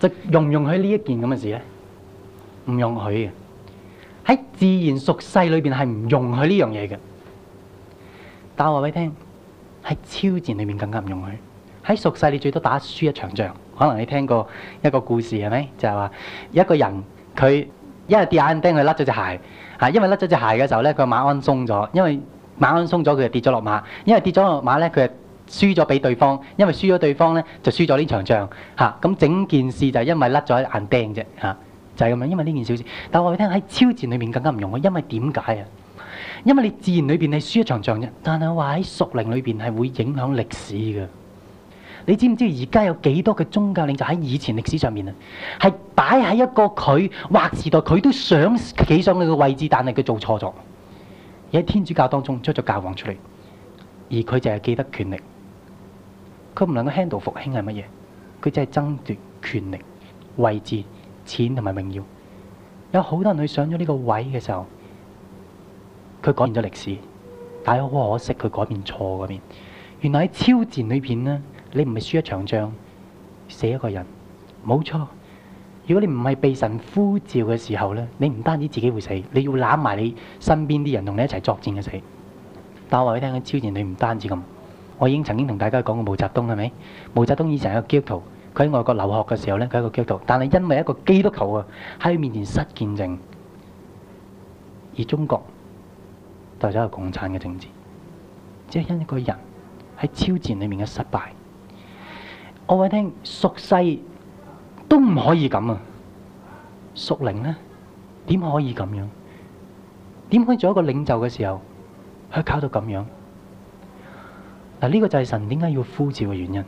就容唔容許呢一件咁嘅事咧？唔容許嘅。喺自然屬世裏邊係唔容許呢樣嘢嘅。但我話俾你聽，喺超戰裏面更加唔容許。喺屬世你最多打輸一場仗。可能你聽過一個故事係咪？就係話一個人佢因為跌眼釘，佢甩咗隻鞋嚇。因為甩咗隻鞋嘅時候咧，佢馬鞍鬆咗。因為馬鞍鬆咗，佢就跌咗落馬。因為跌咗落馬咧，佢就輸咗俾對方。因為輸咗對方咧，就輸咗呢場仗嚇。咁整件事就係因為甩咗眼釘啫嚇，就係咁樣。因為呢件小事，但係我哋聽喺爭戰裏面更加唔容易，因為點解啊？因為你自然裏邊你輸一場仗啫，但係話喺屬靈裏邊係會影響歷史嘅。你知唔知而家有幾多嘅宗教領袖？就喺以前歷史上面啊，係擺喺一個佢劃時代，佢都想企上去嘅位置，但係佢做錯咗。而喺天主教當中，出咗教皇出嚟，而佢就係記得權力，佢唔能夠輕度復興係乜嘢？佢就係爭奪權力、位置、錢同埋榮耀。有好多人去上咗呢個位嘅時候，佢改變咗歷史，但係好可惜，佢改變錯咗嗰邊。原來喺超戰裏面。呢你唔係輸一場仗，死一個人，冇錯。如果你唔係被神呼召嘅時候咧，你唔單止自己會死，你要攬埋你身邊啲人同你一齊作戰嘅死。但係我話你聽，喺超戰裏面唔單止咁。我已經曾經同大家講過毛澤東係咪？毛澤東以前係個基督徒，佢喺外國留學嘅時候咧，佢係個基督徒。但係因為一個基督徒啊，喺佢面前失見證，而中國就走入共產嘅政治，即係因一個人喺超戰裏面嘅失敗。我會聽，屬世都唔可以咁啊，屬靈呢點可以咁樣？點可以做一個領袖嘅時候，去搞到咁樣？嗱，呢個就係神點解要呼召嘅原因，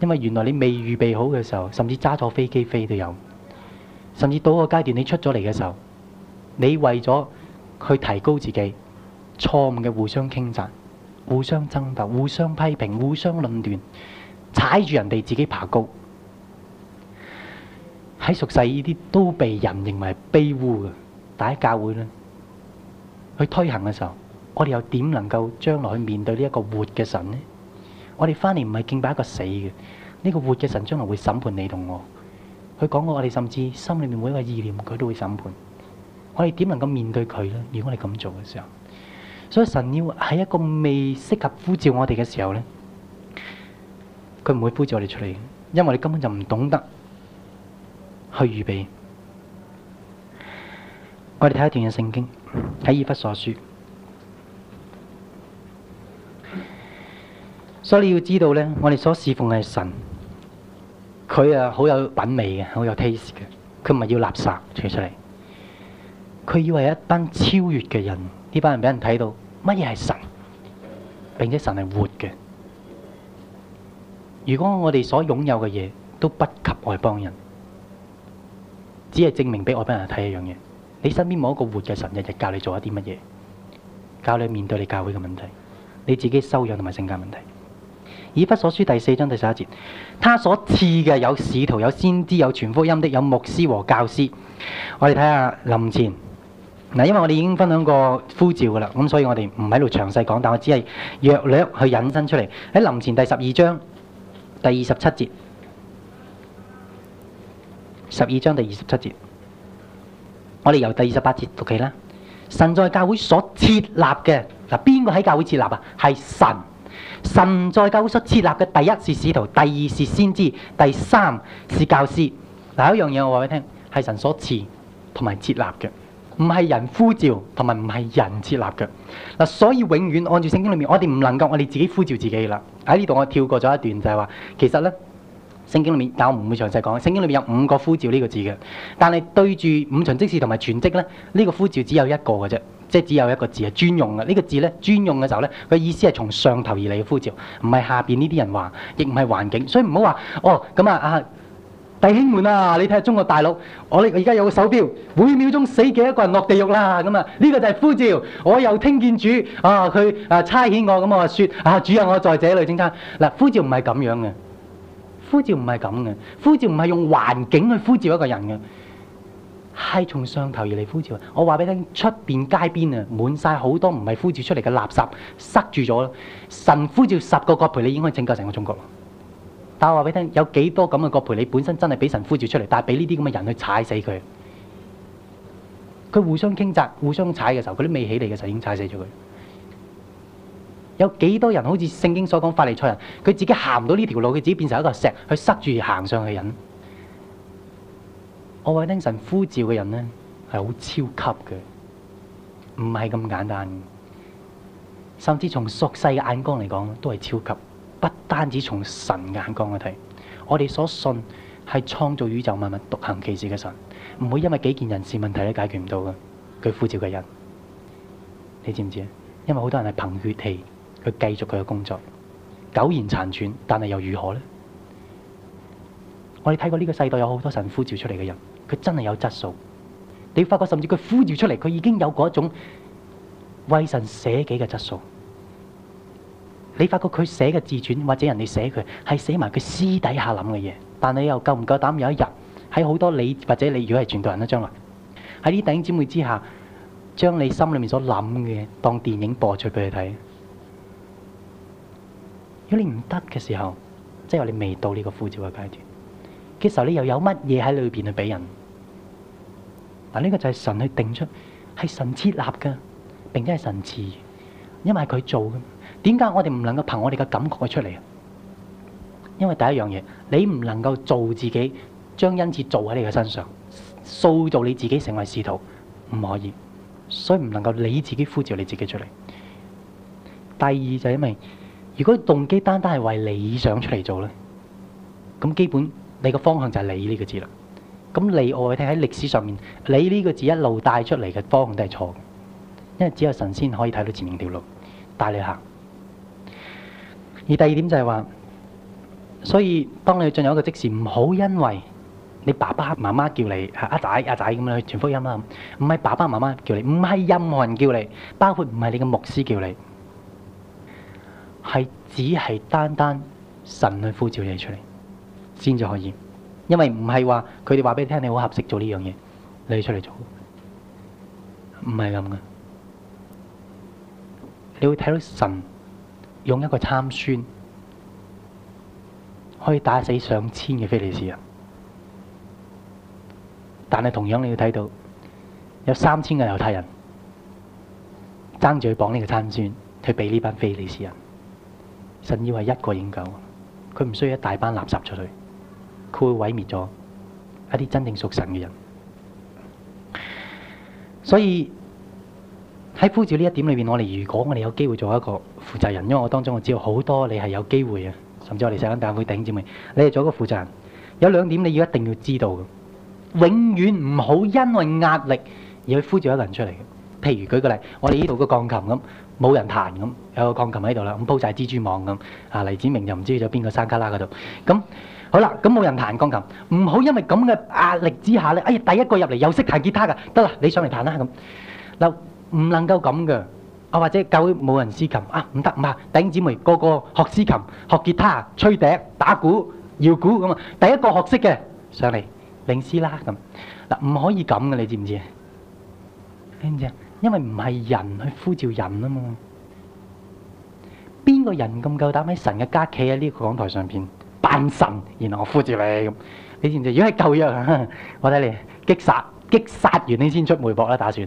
因為原來你未預備好嘅時候，甚至揸咗飛機飛都有，甚至到個階段你出咗嚟嘅時候，你為咗去提高自己，錯誤嘅互相傾軋、互相爭鬥、互相批評、互相論斷。踩住人哋自己爬高，喺俗世呢啲都被人認為卑污嘅，但喺教會咧，去推行嘅時候，我哋又點能夠將來去面對呢一個活嘅神呢？我哋翻嚟唔係敬拜一個死嘅，呢個活嘅神將來會審判你同我。佢講過，我哋甚至心裏面每一個意念，佢都會審判。我哋點能夠面對佢呢？如果我哋咁做嘅時候，所以神要喺一個未適合呼召我哋嘅時候咧。佢唔會呼召我哋出嚟嘅，因為你根本就唔懂得去預備。我哋睇一段嘅聖經，睇以弗所書。所以你要知道咧，我哋所侍奉嘅係神，佢啊好有品味嘅，好有 taste 嘅。佢唔係要垃圾除出嚟，佢要係一班超越嘅人。呢班人俾人睇到乜嘢係神，並且神係活嘅。如果我哋所擁有嘅嘢都不及外邦人，只係證明俾外邦人睇一樣嘢。你身邊冇一個活嘅神，日日教你做一啲乜嘢，教你面對你教會嘅問題，你自己修養同埋性格問題。以弗所書第四章第十一節，他所賜嘅有使徒，有先知，有傳福音的，有牧師和教師。我哋睇下林前嗱，因為我哋已經分享過呼召㗎喇，咁所以我哋唔喺度詳細講，但我只係略略去引申出嚟喺林前第十二章。第二十七節，十二章第二十七節，我哋由第二十八節讀起啦。神在教會所設立嘅嗱，邊個喺教會設立啊？係神。神在教會所設立嘅第一是使徒，第二是先知，第三是教師。嗱，一樣嘢我話俾你聽，係神所賜同埋設立嘅。唔係人呼召同埋唔係人設立嘅嗱，所以永遠按照聖經裏面，我哋唔能夠我哋自己呼召自己啦。喺呢度我跳過咗一段，就係話其實咧聖經裏面，但我唔會詳細講。聖經裏面有五個呼召呢個字嘅，但係對住五旬節士同埋全職咧，呢個呼召只有一個嘅啫，即係只有一個字係專用嘅呢個字咧，專用嘅時候咧，佢意思係從上頭而嚟嘅呼召，唔係下邊呢啲人話，亦唔係環境，所以唔好話哦咁啊啊。弟兄們啊，你睇下中國大陸，我呢，而家有個手表，每秒鐘死幾多個人落地獄啦咁啊！呢個就係呼召，我又聽見主啊，佢啊差遣我咁我話說啊，主啊，我在這裡，請差嗱，呼召唔係咁樣嘅，呼召唔係咁嘅，呼召唔係用環境去呼召一個人嘅，係從上頭而嚟呼召，我話俾你聽，出邊街邊啊滿晒好多唔係呼召出嚟嘅垃圾塞住咗咯，神呼召十個葛培理，你應該拯救成個中國。但我話俾你聽，有幾多咁嘅國培，你本身真係俾神呼召出嚟，但係俾呢啲咁嘅人去踩死佢。佢互相傾軋、互相踩嘅時候，佢都未起嚟嘅時候已經踩死咗佢。有幾多人好似聖經所講法利賽人，佢自己行唔到呢條路，佢自己變成一個石去塞住行上去嘅人。我話俾你聽，神呼召嘅人咧係好超級嘅，唔係咁簡單，甚至從俗世嘅眼光嚟講都係超級。不單止從神的眼光去睇，我哋所信係創造宇宙萬物獨行其事嘅神，唔會因為幾件人事問題咧解決唔到嘅，佢呼召嘅人，你知唔知道？因為好多人係憑血氣去繼續佢嘅工作，苟延殘喘，但係又如何呢？我哋睇過呢個世代有好多神呼召出嚟嘅人，佢真係有質素。你發覺甚至佢呼召出嚟，佢已經有嗰一種為神捨己嘅質素。你發覺佢寫嘅自傳，或者人哋寫佢，係寫埋佢私底下諗嘅嘢。但你又夠唔夠膽有一日喺好多你或者你，如果係傳道人咧，將來喺呢頂姊妹之下，將你心裏面所諗嘅當電影播出俾佢睇。如果你唔得嘅時候，即係話你未到呢個呼召嘅階段嘅時候，其實你又有乜嘢喺裏邊去俾人？嗱，呢個就係神去定出，係神設立嘅，並且係神治，因為係佢做嘅。點解我哋唔能夠憑我哋嘅感覺去出嚟啊？因為第一樣嘢，你唔能夠做自己，將恩賜做喺你嘅身上，塑造你自己成為使徒，唔可以。所以唔能夠你自己呼召你自己出嚟。第二就係因為，如果動機單單係為理想出嚟做咧，咁基本你嘅方向就係你呢個字啦。咁你我哋睇喺歷史上面，你呢個字一路帶出嚟嘅方向都係錯，因為只有神仙可以睇到前面條路，帶你行。而第二點就係話，所以當你進入一個職事，唔好因為你爸爸媽媽叫你阿、啊、仔阿、啊、仔咁樣去傳福音啦，唔係爸爸媽媽叫你，唔係任何人叫你，包括唔係你嘅牧師叫你，係只係單單神去呼召你出嚟先至可以，因為唔係話佢哋話俾你聽你好合適做呢樣嘢，你出嚟做，唔係咁嘅。你會睇到神。用一個參孫，可以打死上千嘅非利士人，但係同樣你要睇到，有三千嘅猶太人爭住去綁呢個參孫去畀呢班非利士人，神以為一個拯救，佢唔需要一大班垃圾出去，佢會毀滅咗一啲真正屬神嘅人，所以。喺呼召呢一點裏邊，我哋如果我哋有機會做一個負責人，因為我當中我知道好多你係有機會嘅，甚至我哋社工大會頂姐妹，你係做一個負責人有兩點你要一定要知道嘅，永遠唔好因為壓力而去呼召一個人出嚟嘅。譬如舉個例，我哋呢度個鋼琴咁冇人彈咁，有個鋼琴喺度啦，咁鋪晒蜘蛛網咁啊。黎子明就唔知去咗邊個山卡拉嗰度咁好啦。咁冇人彈鋼琴，唔好因為咁嘅壓力之下咧，哎呀，第一個入嚟又識彈吉他噶，得啦，你上嚟彈啦咁嗱。唔能夠咁嘅，啊或者教會冇人司琴啊唔得唔啊，弟兄姊妹個個學司琴，學吉他，吹笛，打鼓，搖鼓咁啊，第一個學識嘅上嚟領詩啦咁。嗱唔可以咁嘅，你知唔知？知唔知啊？因為唔係人去呼召人啊嘛。邊個人咁夠膽喺神嘅家企喺呢個講台上邊扮神？然後我呼召你咁，你知唔知？如果係舊約啊，我睇你擊殺擊殺完你先出埋殯啦，打算。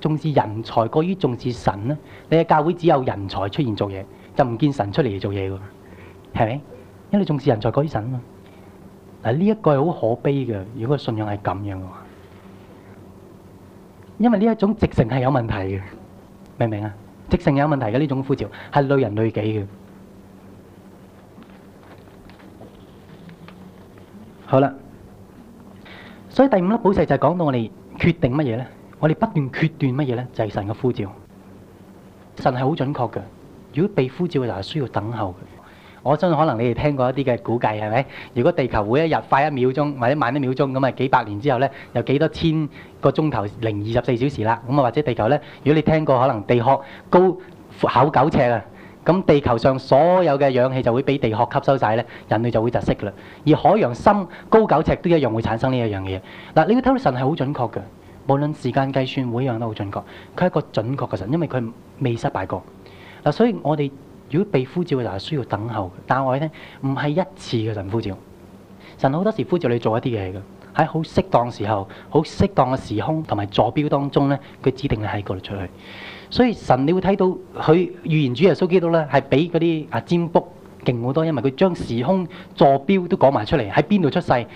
重視人才過於重視神咧，你嘅教會只有人才出現做嘢，就唔見神出嚟做嘢噶，係咪？因為重視人才過於神啊嘛！嗱，呢一個係好可悲嘅，如果個信仰係咁樣嘅話，因為呢一種直情係有問題嘅，明唔明啊？直情有問題嘅呢種呼召係累人累己嘅。好啦，所以第五粒寶石就係講到我哋決定乜嘢咧？我哋不斷決斷乜嘢呢？就係神嘅呼召。神係好準確嘅。如果被呼召嘅時候係需要等候。我相信可能你哋聽過一啲嘅估計係咪？如果地球每一日快一秒鐘或者慢一秒鐘咁啊，幾百年之後呢，有幾多千個鐘頭零二十四小時啦。咁啊，或者地球呢？如果你聽過可能地殼高厚九尺啊，咁地球上所有嘅氧氣就會俾地殼吸收晒呢，人類就會窒息㗎啦。而海洋深高九尺都一樣會產生呢一樣嘢。嗱，你聽到神係好準確嘅。無論時間計算每樣都好準確，佢係一個準確嘅神，因為佢未失敗過。嗱，所以我哋如果被呼召嘅時候係需要等候嘅。但係我話你聽，唔係一次嘅神呼召。神好多時呼召你做一啲嘢嘅，喺好適當時候、好適當嘅時空同埋座標當中咧，佢指定你喺嗰度出去。所以神你會睇到佢預言主耶穌基督咧，係比嗰啲啊占卜勁好多，因為佢將時空座標都講埋出嚟，喺邊度出世。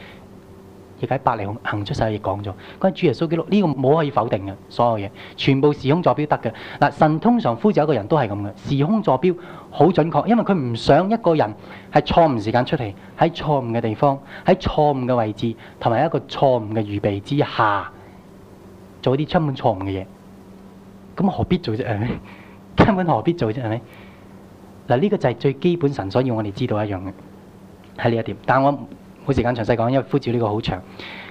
而喺伯利恆出世了，亦講咗。關於主耶穌基督呢、呢個冇可以否定嘅所有嘢，全部時空座標得嘅嗱。神通常呼召一個人都係咁嘅時空座標好準確，因為佢唔想一個人喺錯誤時間出嚟，喺錯誤嘅地方，喺錯誤嘅位置，同埋一個錯誤嘅預備之下，做啲根本錯誤嘅嘢。咁何必做啫？根本何必做啫？係咪嗱？呢、呢個就係最基本神所要我哋知道一樣嘅喺呢一點。但我。冇時間，詳細講，因為呼召呢個好長。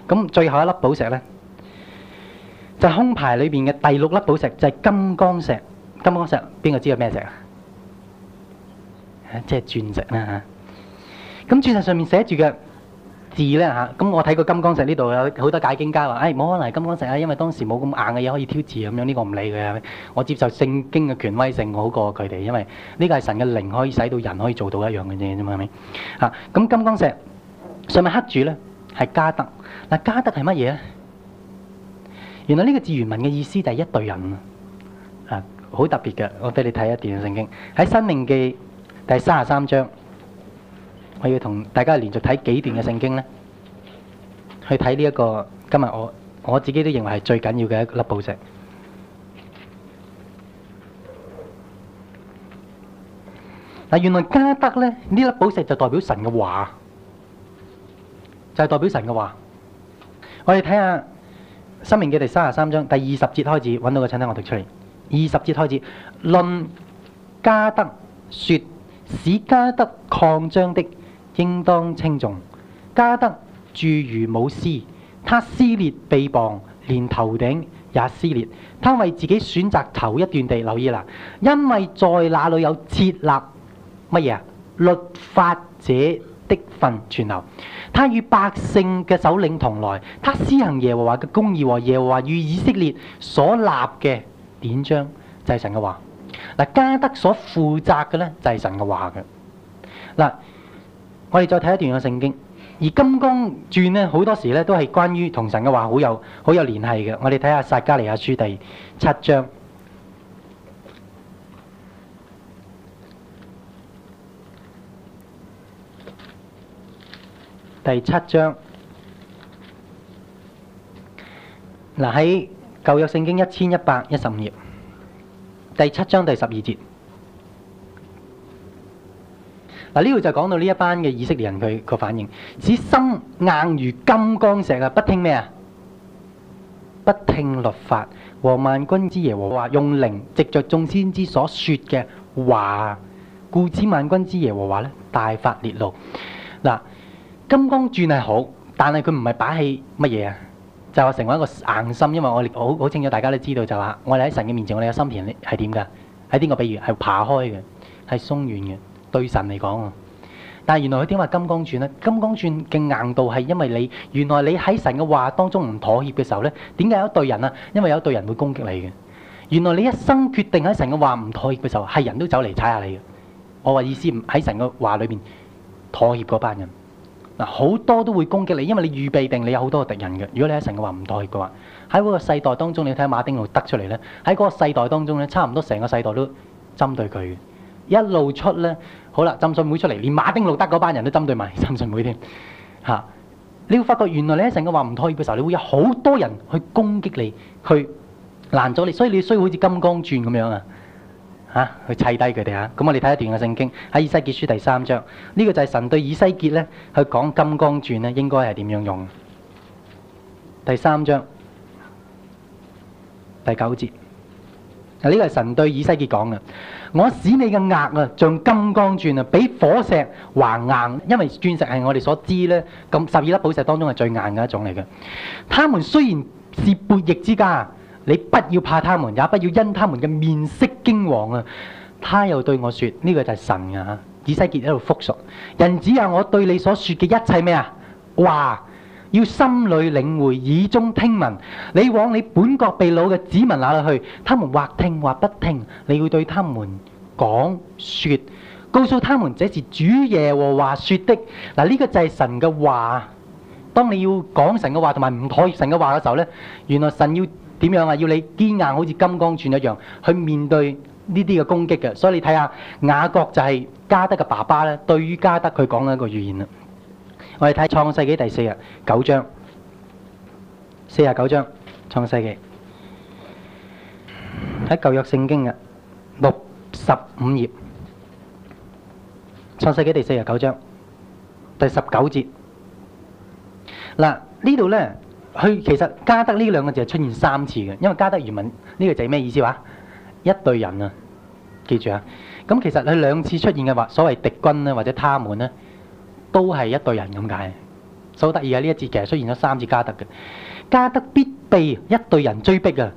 咁最後一粒寶石咧就係胸牌裏邊嘅第六粒寶石就係金剛石。金剛石，邊個知道咩石啊？吓即係鑽石啦吓上面刻住呢係加德，嗱加德係乜嘢呢？原來呢個字原文嘅意思就係一隊人啊，好特別嘅，我俾你睇一段聖經，喺申命記第三十三章我要同大家連續睇幾段嘅聖經呢，去睇呢一個今日我我自己都認為係最緊要嘅一粒寶石。嗱，原來加德呢，呢粒寶石就代表神嘅話。就係、是、代表神嘅話。我哋睇下申命記第三十三章第二十節開始，揾到個清單，我讀出嚟。二十節開始，論迦得說：使迦得擴張的，應當稱頌。迦得住如母獅，他撕裂臂膀，連頭頂也撕裂。他為自己選擇頭一段地，留意啦，因為在那裏有設立乜嘢啊？律法者的份存留。他與百姓嘅首領同來，他施行耶和華嘅公義和耶和華與以色列所立嘅典章，就係神嘅話。嗱，加德所負責嘅咧就係神嘅話嘅。嗱，我哋再睇一段嘅聖經，而金剛傳咧好多時咧都係關於同神嘅話好有好有聯繫嘅。我哋睇下撒迦利亞書第七章。第七章，嗱，喺舊約聖經一千一百一十五頁，第七章第十二節，嗱，呢度就講到呢一班嘅以色列人佢個反應，使心硬如金剛石啊，不聽咩啊？不聽律法和萬軍之耶和華用靈藉著眾先知所説嘅話，故此萬軍之耶和華咧大發烈怒。金剛鑽係好，但係佢唔係擺起乜嘢啊？就係成為一個硬心，因為我哋好好清楚，大家都知道就話我哋喺神嘅面前，我哋嘅心田係點噶？喺邊個比喻？比如係爬開嘅，係鬆軟嘅。對神嚟講啊，但係原來佢點話金剛鑽呢？金剛鑽嘅硬度係因為你原來你喺神嘅話當中唔妥協嘅時候呢，點解有一對人啊？因為有一對人會攻擊你嘅。原來你一生決定喺神嘅話唔妥協嘅時候，係人都走嚟踩下你嘅。我話意思唔喺神嘅話裏面妥協嗰班人。好多都會攻擊你，因為你預備定你有好多個敵人嘅。如果你喺神嘅話唔妥協嘅話，喺嗰個世代當中，你睇馬丁路德出嚟咧，喺嗰個世代當中咧，差唔多成個世代都針對佢嘅。一路出咧，好啦，浸信會出嚟，連馬丁路德嗰班人都針對埋浸信會添嚇。你會發覺原來你喺神嘅話唔妥協嘅時候，你會有好多人去攻擊你，去攔咗你，所以你需要好似金剛鑽咁樣啊。嚇，去砌低佢哋嚇。咁我哋睇一段嘅聖經喺以西結書第三章，呢個就係神對以西結咧去講金剛鑽咧，應該係點樣用？第三章第九節，嗱呢個係神對以西結講嘅。我使你嘅額啊，像金剛鑽啊，比火石更硬，因為鑽石係我哋所知咧，咁十二粒寶石當中係最硬嘅一種嚟嘅。他們雖然是悖逆之家。你不要怕他們，也不要因他們嘅面色驚惶啊！他又對我說呢、這個就係神啊！仔細結喺度復述人只有、啊、我對你所說嘅一切咩啊話，要心裏領會，耳中聽聞，你往你本國秘魯嘅指紋那裏去，他們或聽或不聽，你要對他們講說，說告訴他們這是主耶和華說的。嗱，呢個就係神嘅話。當你要講神嘅話同埋唔妥神嘅話嘅時候咧，原來神要。點樣啊？要你堅硬好似金剛鑽一樣去面對呢啲嘅攻擊嘅。所以你睇下雅各就係加德嘅爸爸咧，對於加德佢講嘅一個預言啦。我哋睇創世紀第四日九章四十九章，創世紀喺舊約聖經嘅六十五頁，創世紀第四日九章第十九節。嗱呢度咧。佢其實加德呢兩個字係出現三次嘅，因為加德原文呢、這個字咩意思話、啊、一隊人啊，記住啊，咁其實佢兩次出現嘅話所謂敵軍咧、啊、或者他們咧、啊，都係一隊人咁解。所以好得意啊！呢一節其實出現咗三次加德嘅，加德必被一隊人追逼啊！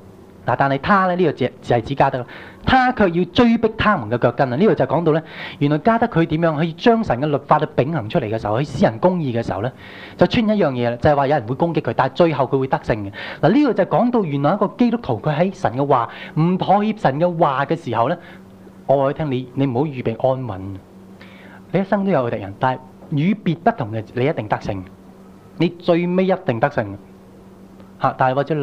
嗱，但係他咧呢個只係指加德咯。他卻要追逼他們嘅腳跟啊！呢度就講到咧，原來加德佢點樣可以將神嘅律法去秉行出嚟嘅時候，喺施行公義嘅時候咧，就穿一樣嘢啦，就係話有人會攻擊佢，但係最後佢會得勝嘅。嗱，呢度就講到原來一個基督徒佢喺神嘅話唔妥協神嘅話嘅時候咧，我話你聽你你唔好預備安穩，你一生都有敵人，但係與別不同嘅，你一定得勝，你最尾一定得勝嚇。但係或者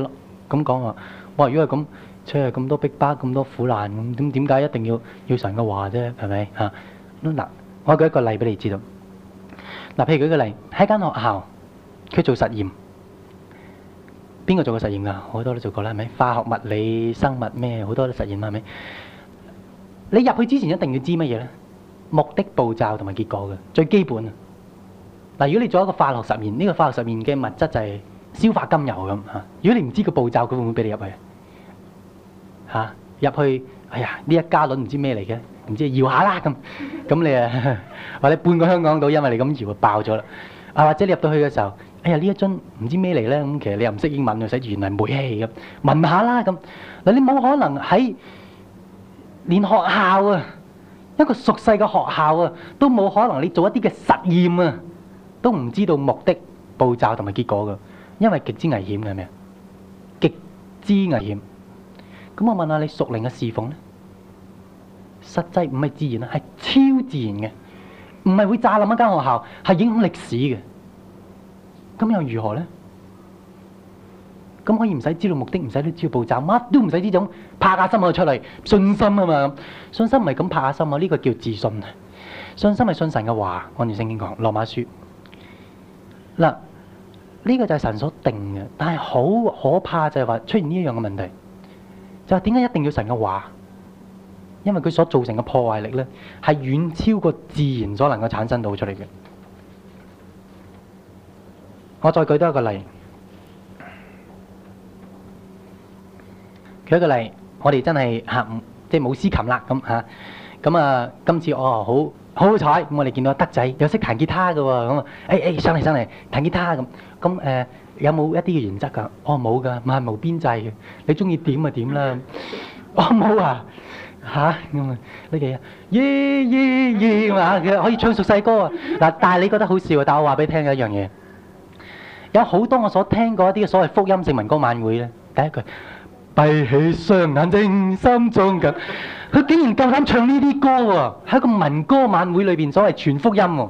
咁講話。哇！如果係咁，出係咁多逼巴，咁多苦難，咁點解一定要要神嘅話啫？係咪吓？嗱，我舉一個例俾你知道。嗱，譬如舉個例，喺間學校，佢做實驗，邊個做過實驗噶？好多都做過啦，係咪？化學、物理、生物咩？好多都實驗啦，係咪？你入去之前一定要知乜嘢咧？目的、步驟同埋結果嘅最基本。嗱，如果你做一個化學實驗，呢個化學實驗嘅物質就係。消化甘油咁嚇，如果你唔知個步驟，佢會唔會俾你入去嚇入去？哎呀，呢一家輪唔知咩嚟嘅，唔知搖下啦咁。咁你啊，或者半個香港島因為你咁搖就爆咗啦啊，或者你入到去嘅時候，哎呀呢一樽唔知咩嚟咧，咁其實你又唔識英文啊，寫原嚟煤氣咁問下啦咁嗱。你冇可能喺連學校啊，一個熟悉嘅學校啊，都冇可能你做一啲嘅實驗啊，都唔知道目的、步驟同埋結果㗎。因為極之危險嘅係咩啊？極之危險。咁我問下你，屬靈嘅侍奉咧，實際唔係自然啊，係超自然嘅，唔係會炸冧一間學校，係影響歷史嘅。咁又如何咧？咁可以唔使知道目的，唔使知道步驟，乜都唔使知，就拍下心口度出嚟。信心啊嘛，信心唔係咁拍下心啊，呢個叫自信。信心係信神嘅話，按住聖經講，羅馬書嗱。呢個就係神所定嘅，但係好可怕就係話出現呢一樣嘅問題，就話點解一定要神嘅話？因為佢所造成嘅破壞力咧，係遠超過自然所能夠產生到出嚟嘅。我再舉多一個例，舉一個例，我哋真係嚇，即係冇司琴啦咁嚇，咁啊今次哦好好好彩，咁我哋見到德仔又識彈吉他㗎喎，咁啊誒誒上嚟上嚟彈吉他咁。咁誒有冇一啲嘅原則㗎？我冇㗎，唔係無邊際嘅，你中意點就點啦。我冇啊，嚇咁啊呢幾日，咦咦咦咁啊，其實可以唱俗世歌啊。嗱，但係你覺得好笑，但係我話俾你聽有一樣嘢，有好多我所聽過一啲所謂福音性民歌晚會咧。第一句，閉起雙眼睛，心中緊，佢竟然夠膽唱呢啲歌喎！喺一個民歌晚會裏邊，所謂全福音喎。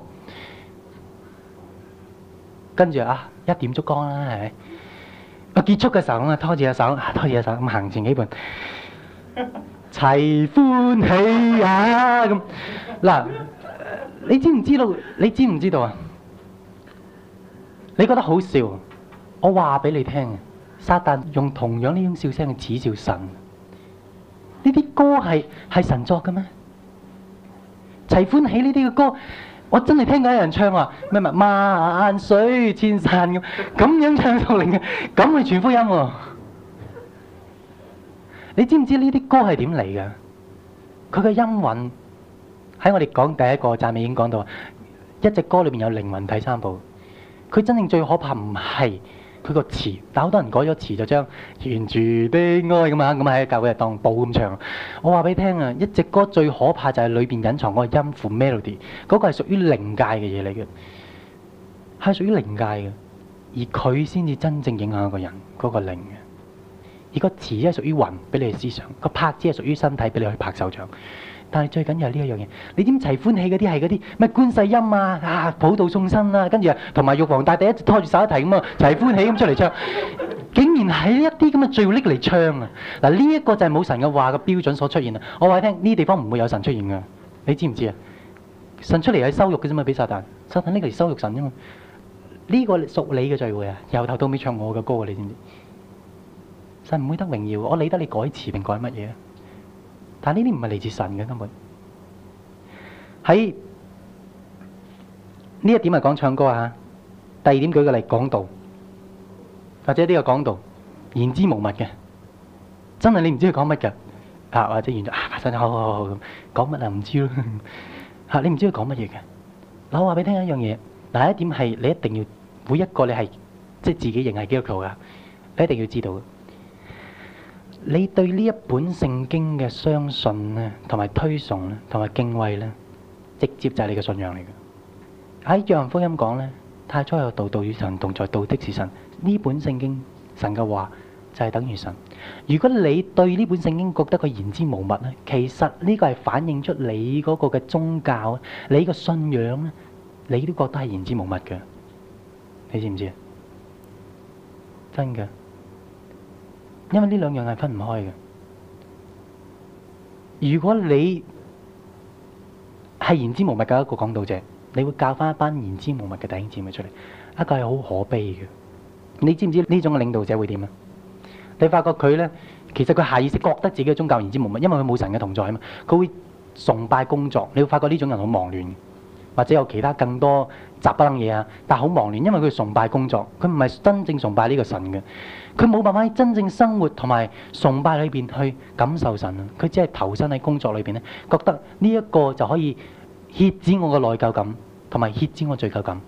跟住啊！一點燭光啦，係咪？啊，結束嘅時候咁啊，拖住隻手，拖住隻手咁行前幾步，齊歡喜啊！咁嗱，你知唔知道？你知唔知道啊？你覺得好笑？我話俾你聽，撒旦用同樣呢種笑聲嚟恥笑神。呢啲歌係係神作嘅咩？齊歡喜呢啲嘅歌。我真係聽到有人唱，話咩物萬水千山，咁咁樣唱出嚟嘅，咁去傳福音喎？你知唔知呢啲歌係點嚟㗎？佢嘅音韻喺我哋講第一個讚美已經講到，一隻歌裏邊有靈魂睇三部。佢真正最可怕唔係。佢個詞，但好多人改咗詞，就將《願主悲哀》咁啊，咁喺教會度當舞咁唱。我話俾你聽啊，一隻歌最可怕就係裏邊隱藏嗰個音符 melody，嗰個係屬於靈界嘅嘢嚟嘅，係屬於靈界嘅，而佢先至真正影響一個人嗰個靈嘅。而個詞係屬於魂，俾你嘅思想；個拍子係屬於身體，俾你去拍手掌。但係最緊要係呢一樣嘢，你點齊歡喜嗰啲係嗰啲咩觀世音啊、啊普度眾生啦，跟住啊同埋玉皇大帝一直拖住手一提咁啊齊歡喜咁出嚟唱，竟然喺一啲咁嘅聚會拎嚟唱啊！嗱呢一個就係冇神嘅話嘅標準所出現啊！我話你聽，呢啲地方唔會有神出現嘅，你知唔知啊？神出嚟係羞辱嘅啫嘛，俾撒旦，撒旦拎嚟羞辱神啫嘛，呢個屬你嘅聚會啊，由頭到尾唱我嘅歌啊，你知唔知？神唔會得榮耀，我理得你改詞定改乜嘢？但呢啲唔係嚟自神嘅根本。喺呢一點係講唱歌啊。第二點舉個例講道，或者呢個講道言之無物嘅，真係你唔知佢講乜㗎啊，或者完咗啊，發生咗好好好好咁講乜啊，唔知咯嚇，你唔知佢講乜嘢嘅。嗱，我話俾你聽一樣嘢，嗱，一點係你一定要每一個你係即係自己認係基督徒嘅，你一定要知道。你對呢一本聖經嘅相信咧，同埋推崇咧，同埋敬畏咧，直接就係你嘅信仰嚟嘅。喺《約翰福音》講咧，太初有道，道與神同在，道，在道的就是神。呢本聖經，神嘅話就係、是、等於神。如果你對呢本聖經覺得佢言之無物咧，其實呢個係反映出你嗰個嘅宗教，你個信仰咧，你都覺得係言之無物嘅。你知唔知啊？真嘅。因為呢兩樣係分唔開嘅。如果你係言之無物嘅一個講道者，你會教翻一班言之無物嘅弟兄姊妹出嚟，一個係好可悲嘅。你知唔知呢種領導者會點啊？你發覺佢咧，其實佢下意識覺得自己嘅宗教言之無物，因為佢冇神嘅同在啊嘛。佢會崇拜工作，你會發覺呢種人好忙亂，或者有其他更多。雜崩嘢啊！但係好忙亂，因為佢崇拜工作，佢唔係真正崇拜呢個神嘅，佢冇辦法喺真正生活同埋崇拜裏邊去感受神。佢只係投身喺工作裏邊咧，覺得呢一個就可以遏止我嘅內疚感同埋遏止我罪疚感。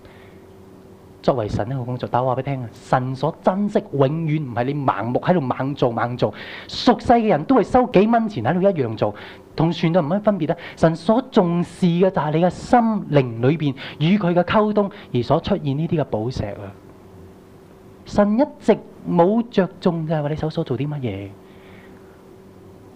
作為神一個工作，但我話俾你聽啊，神所珍惜永遠唔係你盲目喺度猛做猛做，俗世嘅人都係收幾蚊錢喺度一樣做，同傳道唔乜分別啊！神所重視嘅就係你嘅心靈裏邊與佢嘅溝通而所出現呢啲嘅寶石啊！神一直冇著重就係話你手所做啲乜嘢。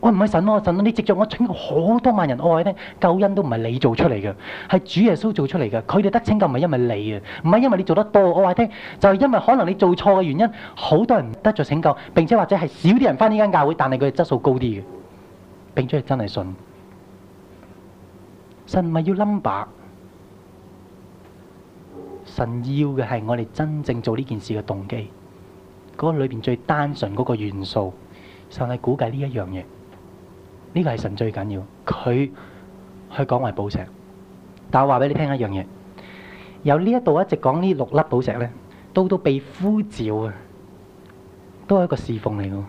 我唔係神咯，神啊，你藉著我請到好多萬人，我話你聽，救恩都唔係你做出嚟嘅，係主耶穌做出嚟嘅。佢哋得拯救唔係因為你啊，唔係因為你做得多。我話你聽，就係因為可能你做錯嘅原因，好多人唔得著拯救，並且或者係少啲人翻呢間教會，但係佢哋質素高啲嘅，並且係真係信。神唔係要 number，神要嘅係我哋真正做呢件事嘅動機，嗰裏邊最單純嗰個元素。神係估計呢一樣嘢。呢個係神最緊要的，佢佢講為寶石，但我話俾你聽一樣嘢，由呢一度一直講呢六粒寶石咧，都都被呼召啊，都係一個侍奉嚟嘅。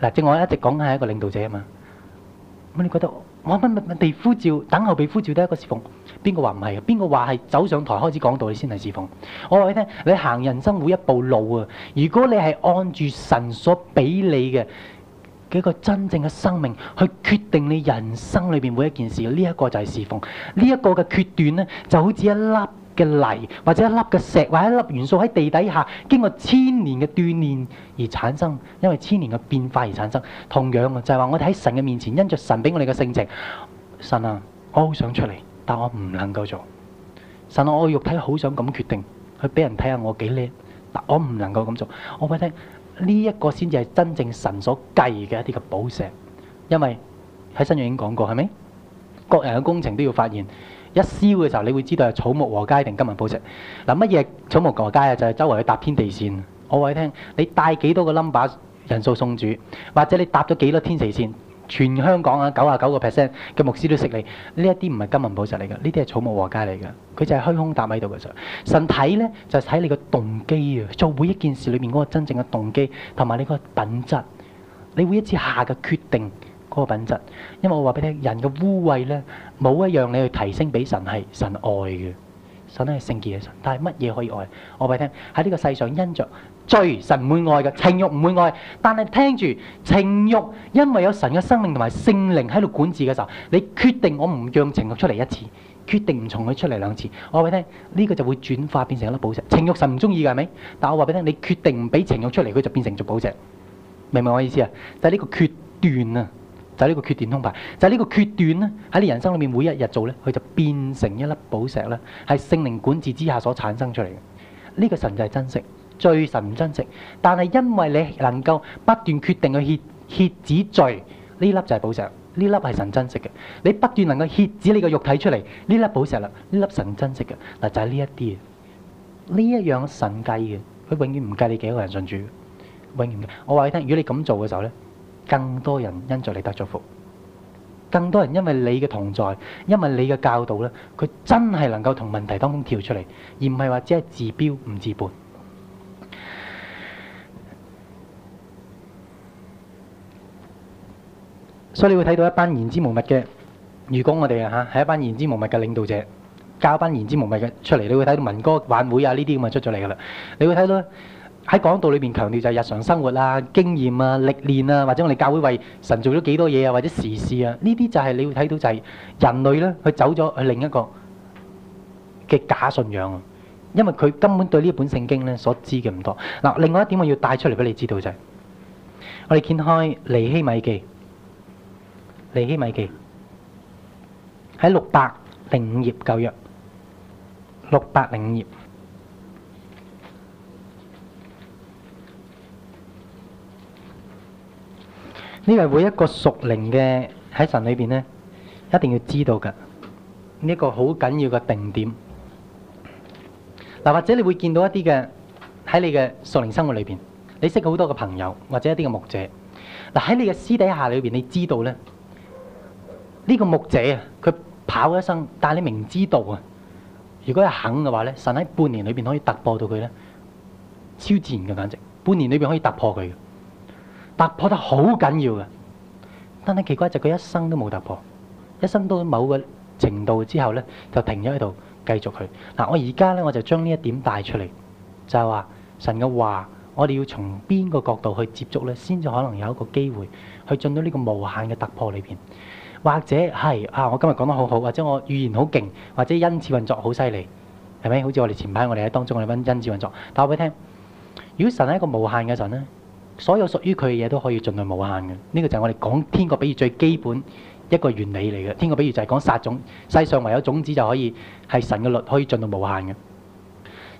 嗱，正我一直講緊係一個領導者啊嘛，咁你覺得我乜乜乜被呼召，等候被呼召都係一個侍奉，邊個話唔係嘅？邊個話係走上台開始講道理先係侍奉？我話你聽，你行人生每一步路啊，如果你係按住神所俾你嘅。幾個真正嘅生命去決定你人生裏邊每一件事，呢、這、一個就係侍奉，呢、這、一個嘅決斷咧就好似一粒嘅泥或者一粒嘅石或者一粒元素喺地底下經過千年嘅鍛煉而產生，因為千年嘅變化而產生。同樣啊，就係話我哋喺神嘅面前因着神俾我哋嘅性情，神啊，我好想出嚟，但我唔能夠做。神啊，我嘅肉體好想咁決定去俾人睇下我幾叻，但我唔能夠咁做。我覺得。呢一個先至係真正神所計嘅一啲嘅寶石，因為喺新約已經講過，係咪？各人嘅工程都要發現，一燒嘅時候你會知道係草木禾秸定金銀寶石。嗱，乜嘢係草木禾秸啊？就係周圍去搭天地線。我話你聽，你帶幾多個 number 人數送主，或者你搭咗幾多天地線？全香港啊，九啊九個 percent 嘅牧師都識你。呢一啲唔係金銀寶石嚟㗎，呢啲係草木禾稭嚟㗎。佢就係虛空搭喺度嘅啫。神睇咧就係睇你個動機啊，做每一件事裏面嗰個真正嘅動機同埋你個品質，你每一次下嘅決定嗰個品質。因為我話俾你聽，人嘅污穢咧冇一樣你去提升俾神係神愛嘅，神係聖潔嘅神。但係乜嘢可以愛？我話俾你聽，喺呢個世上因着。罪神唔會愛嘅情欲唔會愛，但係聽住情欲，因為有神嘅生命同埋聖靈喺度管治嘅時候，你決定我唔讓情欲出嚟一次，決定唔從佢出嚟兩次，我話俾你聽，呢個就會轉化變成一粒寶石。情欲神唔中意㗎係咪？但我話俾你聽，你決定唔俾情欲出嚟，佢就變成做寶石，明唔明我意思啊？就係呢個決斷啊！就係呢個決斷通牌，就係呢個決斷咧，喺你人生裏面每一日做咧，佢就變成一粒寶石啦。係聖靈管治之下所產生出嚟嘅呢個神就係珍惜。最神唔珍惜，但係因為你能夠不斷決定去歇歇止罪，呢粒就係寶石，呢粒係神珍惜嘅。你不斷能夠歇止你個肉體出嚟，呢粒是寶石啦，呢粒神珍惜嘅。嗱，就係、是、呢一啲嘅呢一樣神計嘅，佢永遠唔計你幾多個人信主，永遠嘅。我話你聽，如果你咁做嘅時候咧，更多人因著你得祝福，更多人因為你嘅同在，因為你嘅教導咧，佢真係能夠同問題當中跳出嚟，而唔係話只係治標唔治本。所以你會睇到一班言之無物嘅，如果我哋啊嚇，係一班言之無物嘅領導者，教一班言之無物嘅出嚟，你會睇到民歌晚會啊呢啲咁啊出咗嚟噶啦，你會睇到喺講道裏邊強調就係日常生活啊、經驗啊、歷練啊，或者我哋教會為神做咗幾多嘢啊，或者時事啊，呢啲就係你會睇到就係人類咧佢走咗去另一個嘅假信仰啊，因為佢根本對呢一本聖經咧所知嘅唔多。嗱，另外一點我要帶出嚟俾你知道就係，我哋掀開尼希米記。尼希米記喺六百零五頁舊約，六百零五頁呢個每一個屬靈嘅喺神裏邊咧，一定要知道嘅呢一個好緊要嘅定點。嗱，或者你會見到一啲嘅喺你嘅屬靈生活裏邊，你識好多嘅朋友或者一啲嘅牧者。嗱喺你嘅私底下裏邊，你知道咧。呢、這個牧者啊，佢跑一生，但你明知道啊，如果佢肯嘅話咧，神喺半年裏面可以突破到佢咧，超自然嘅簡直，半年裏面可以突破佢嘅突破得好緊要嘅。但係奇怪就佢一生都冇突破，一生到某個程度之後咧，就停咗喺度繼續佢嗱、啊。我而家咧我就將呢一點帶出嚟，就係、是、話神嘅話，我哋要從邊個角度去接觸咧，先至可能有一個機會去進到呢個無限嘅突破裏面。或者係啊，我今日講得好好，或者我語言好勁，或者恩賜運作好犀利，係咪？好似我哋前排我哋喺當中我哋揾恩賜運作，打我俾你聽。如果神係一個無限嘅神咧，所有屬於佢嘅嘢都可以盡到無限嘅。呢個就係我哋講天國比喻最基本的一個原理嚟嘅。天國比喻就係講撒種，世上唯有種子就可以係神嘅律可以盡到無限嘅。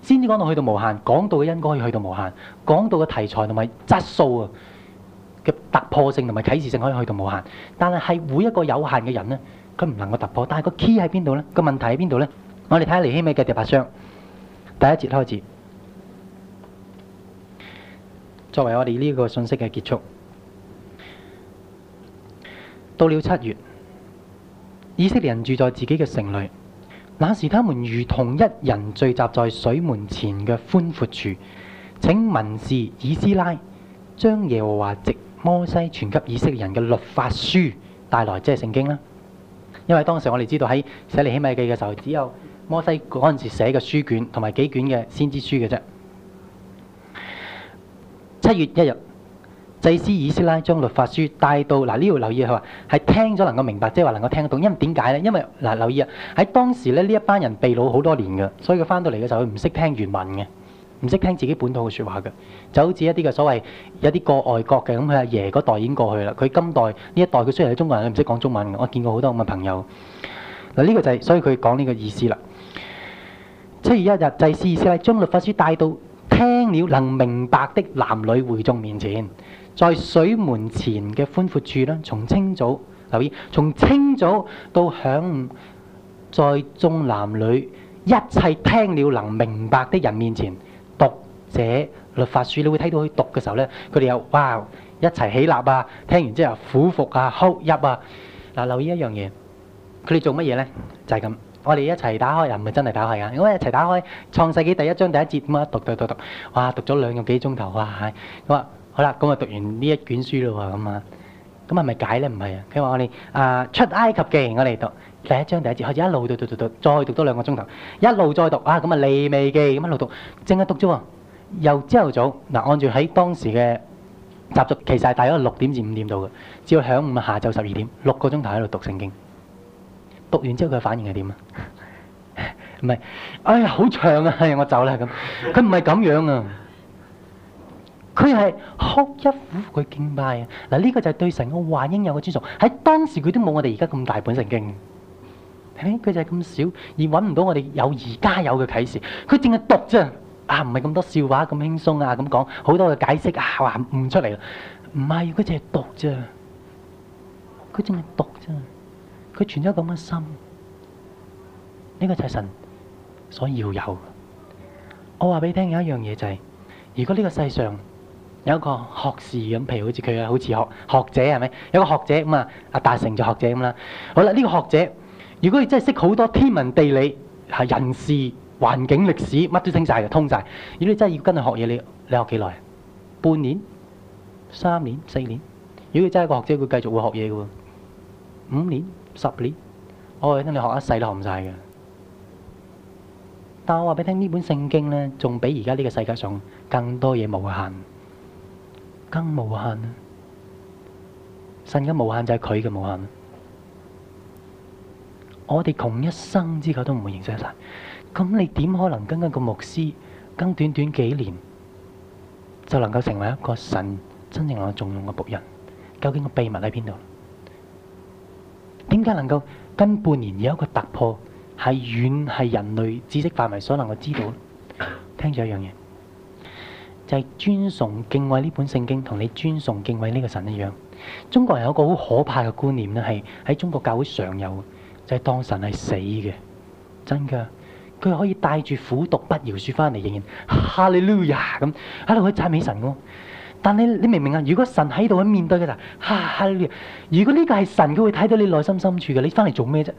先至講到去到無限，講到嘅恩可以去到無限，講到嘅題材同埋質素啊，嘅突破性同埋啟示性可以去到無限，但係每一個有限嘅人呢，佢唔能夠突破。但係個 key 喺邊度呢？個問題喺邊度呢？我哋睇下尼希米嘅第八章第一節開始，作為我哋呢個信息嘅結束。到了七月，以色列人住在自己嘅城裏，那時他們如同一人聚集在水門前嘅寬闊處，請民事以斯拉將耶和華直。摩西傳給以色列人嘅律法書，帶來即係聖經啦。因為當時我哋知道喺寫《尼希米記》嘅時候，只有摩西嗰陣時寫嘅書卷同埋幾卷嘅先知書嘅啫。七月一日，祭司以斯拉將律法書帶到，嗱呢度，留意佢話係聽咗能夠明白，即係話能夠聽得懂。因為點解咧？因為嗱，留意啊，喺當時咧呢一班人被擄好多年嘅，所以佢翻到嚟嘅時候，佢唔識聽原文嘅。唔識聽自己本土嘅説話嘅，就好似一啲嘅所謂有啲過外國嘅咁。佢阿爺嗰代已經過去啦。佢今代呢一代，佢雖然係中國人，佢唔識講中文嘅。我見過好多咁嘅朋友嗱，呢個就係所以佢講呢個意思啦。七月一日祭司意思係將律法書帶到聽了能明白的男女會眾面前，在水門前嘅寬闊處啦。從清早留意，從清早到晌午在眾男女一切聽了能明白的人面前。寫律法書，你會睇到佢讀嘅時候咧，佢哋又哇一齊起立啊！聽完之後苦服啊、哭泣啊。嗱，留意一樣嘢，佢哋做乜嘢咧？就係咁，我哋一齊打開又唔係真係打開啊！我一齊打開創世紀第一章第一節咁啊，讀讀讀讀，哇，讀咗兩個幾鐘頭啊！咁啊，好啦，咁啊讀完呢一卷書啦喎，咁啊，咁係咪解咧？唔係啊，佢話我哋啊，出埃及記我哋讀第一章第一節，開始一路讀讀讀讀，再讀多兩個鐘頭，一路再讀啊，咁啊利未記咁一路讀，淨係讀啫喎。由朝頭早嗱，按照喺當時嘅習俗，其實係大約六點至五點度嘅，只要響下晝十二點六個鐘頭喺度讀聖經。讀完之後佢反應係點啊？唔係，哎呀好長啊，我走啦咁。佢唔係咁樣啊，佢係哭一苦佢敬拜啊。嗱呢個就係對神個話應有嘅尊重。喺當時佢都冇我哋而家咁大本聖經，誒佢就係咁少，而搵唔到我哋有而家有嘅啟示。佢淨係讀啫。啊，唔係咁多笑話咁輕鬆啊，咁講好多嘅解釋啊，話唔出嚟啦，唔係，如果淨係讀啫，佢淨係讀啫，佢存咗咁嘅心，呢個就係神所要有。我話俾你聽有一樣嘢就係，如果呢個世上有一個學士咁，譬如好似佢啊，好似學學者係咪？有個學者咁啊，阿大成就學者咁啦。好啦，呢個學者如果佢真係識好多天文地理係人事。環境歷史乜都升晒嘅，通晒。如果你真係要跟佢學嘢，你你學幾耐？半年、三年、四年。如果你真係個學者，佢繼續會學嘢嘅喎。五年、十年，我話俾你聽，你學一世都學唔晒嘅。但我話俾你聽，呢本聖經咧，仲比而家呢個世界上更多嘢無限，更無限。神嘅無限就係佢嘅無限。我哋窮一生之久都唔會認識得晒。咁你點可能跟一個牧師跟短短幾年就能夠成為一個神真正能重用嘅僕人？究竟個秘密喺邊度？點解能夠跟半年有一個突破，係遠係人類知識範圍所能夠知道？ 聽住一樣嘢，就係、是、尊崇敬畏呢本聖經，同你尊崇敬畏呢個神一樣。中國人有一個好可怕嘅觀念咧，係喺中國教會常有，就係、是、當神係死嘅，真噶。佢可以帶住苦毒不饒恕翻嚟，仍然哈利路亞咁喺度去讚美神喎。但你你明唔明啊？如果神喺度咁面對嘅啦，哈利路亞。Hallelujah, 如果呢個係神，佢會睇到你內心深處嘅。你翻嚟做咩啫？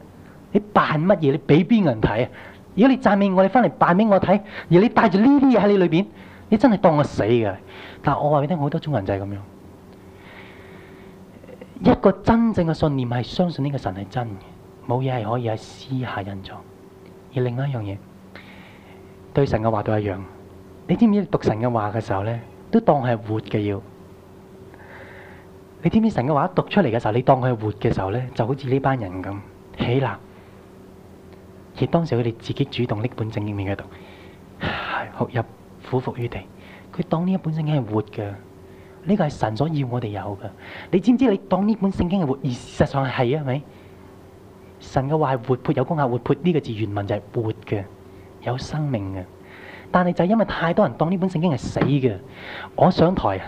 你扮乜嘢？你俾邊個人睇啊？如果你讚美我，你翻嚟扮俾我睇，而你帶住呢啲嘢喺你裏邊，你真係當我死嘅。但係我話俾你聽，好多宗人就係咁樣。一個真正嘅信念係相信呢個神係真嘅，冇嘢係可以喺私下隱藏。而另外一樣嘢，對神嘅話都一樣。你知唔知讀神嘅話嘅時候咧，都當係活嘅要。你知唔知神嘅話讀出嚟嘅時候，你當佢係活嘅時候咧，就好似呢班人咁起立。而當時佢哋自己主動拎本聖經嚟讀，伏入俯伏於地。佢當呢一本聖經係活嘅，呢個係神所要我哋有嘅。你知唔知你當呢本聖經係活，而事實上係啊，係咪？神嘅話係活潑有功效，活潑呢個字原文就係活嘅，有生命嘅。但係就係因為太多人當呢本聖經係死嘅。我上台啊，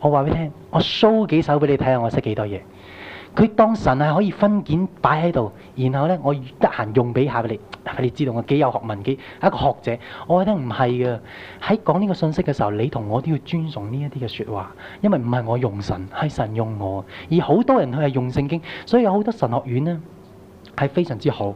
我話俾你聽，我 show 幾首俾你睇下，我識幾多嘢。佢當神係可以分件擺喺度，然後咧我得閒用俾下俾你，你知道我幾有學問，幾係一個學者。我話你聽唔係嘅。喺講呢個信息嘅時候，你同我都要尊重呢一啲嘅説話，因為唔係我用神，係神用我。而好多人佢係用聖經，所以有好多神學院咧。係非常之好，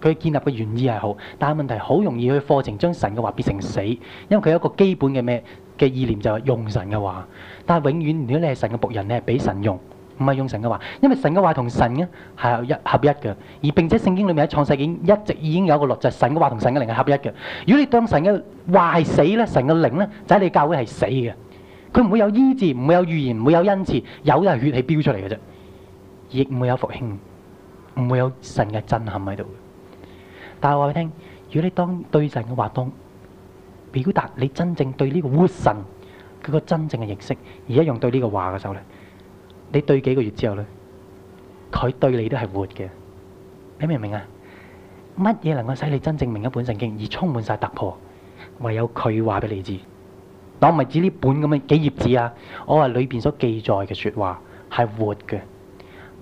佢建立嘅原意係好，但係問題好容易去課程將神嘅話變成死，因為佢有一個基本嘅咩嘅意念就係用神嘅話，但係永遠如果你係神嘅僕人，你係俾神用，唔係用神嘅話，因為神嘅話同神咧係一合一嘅，而並且聖經裡面喺創世記一直已經有個律則，就係、神嘅話同神嘅靈係合一嘅。如果你當神嘅話係死咧，神嘅靈咧就喺你教會係死嘅，佢唔會有醫治，唔會有預言，唔會有恩賜，有都係血氣飆出嚟嘅啫，亦唔會有復興。唔會有神嘅震撼喺度嘅。但係話俾你聽，如果你當對神嘅話當表達你真正對呢個活神佢個真正嘅認識，而一樣對呢個話嘅時候咧，你對幾個月之後咧，佢對你都係活嘅。你明唔明啊？乜嘢能夠使你真正明一本聖經而充滿晒突破？唯有佢話俾你知。我唔係指呢本咁嘅幾頁紙啊，我話裏邊所記載嘅說話係活嘅。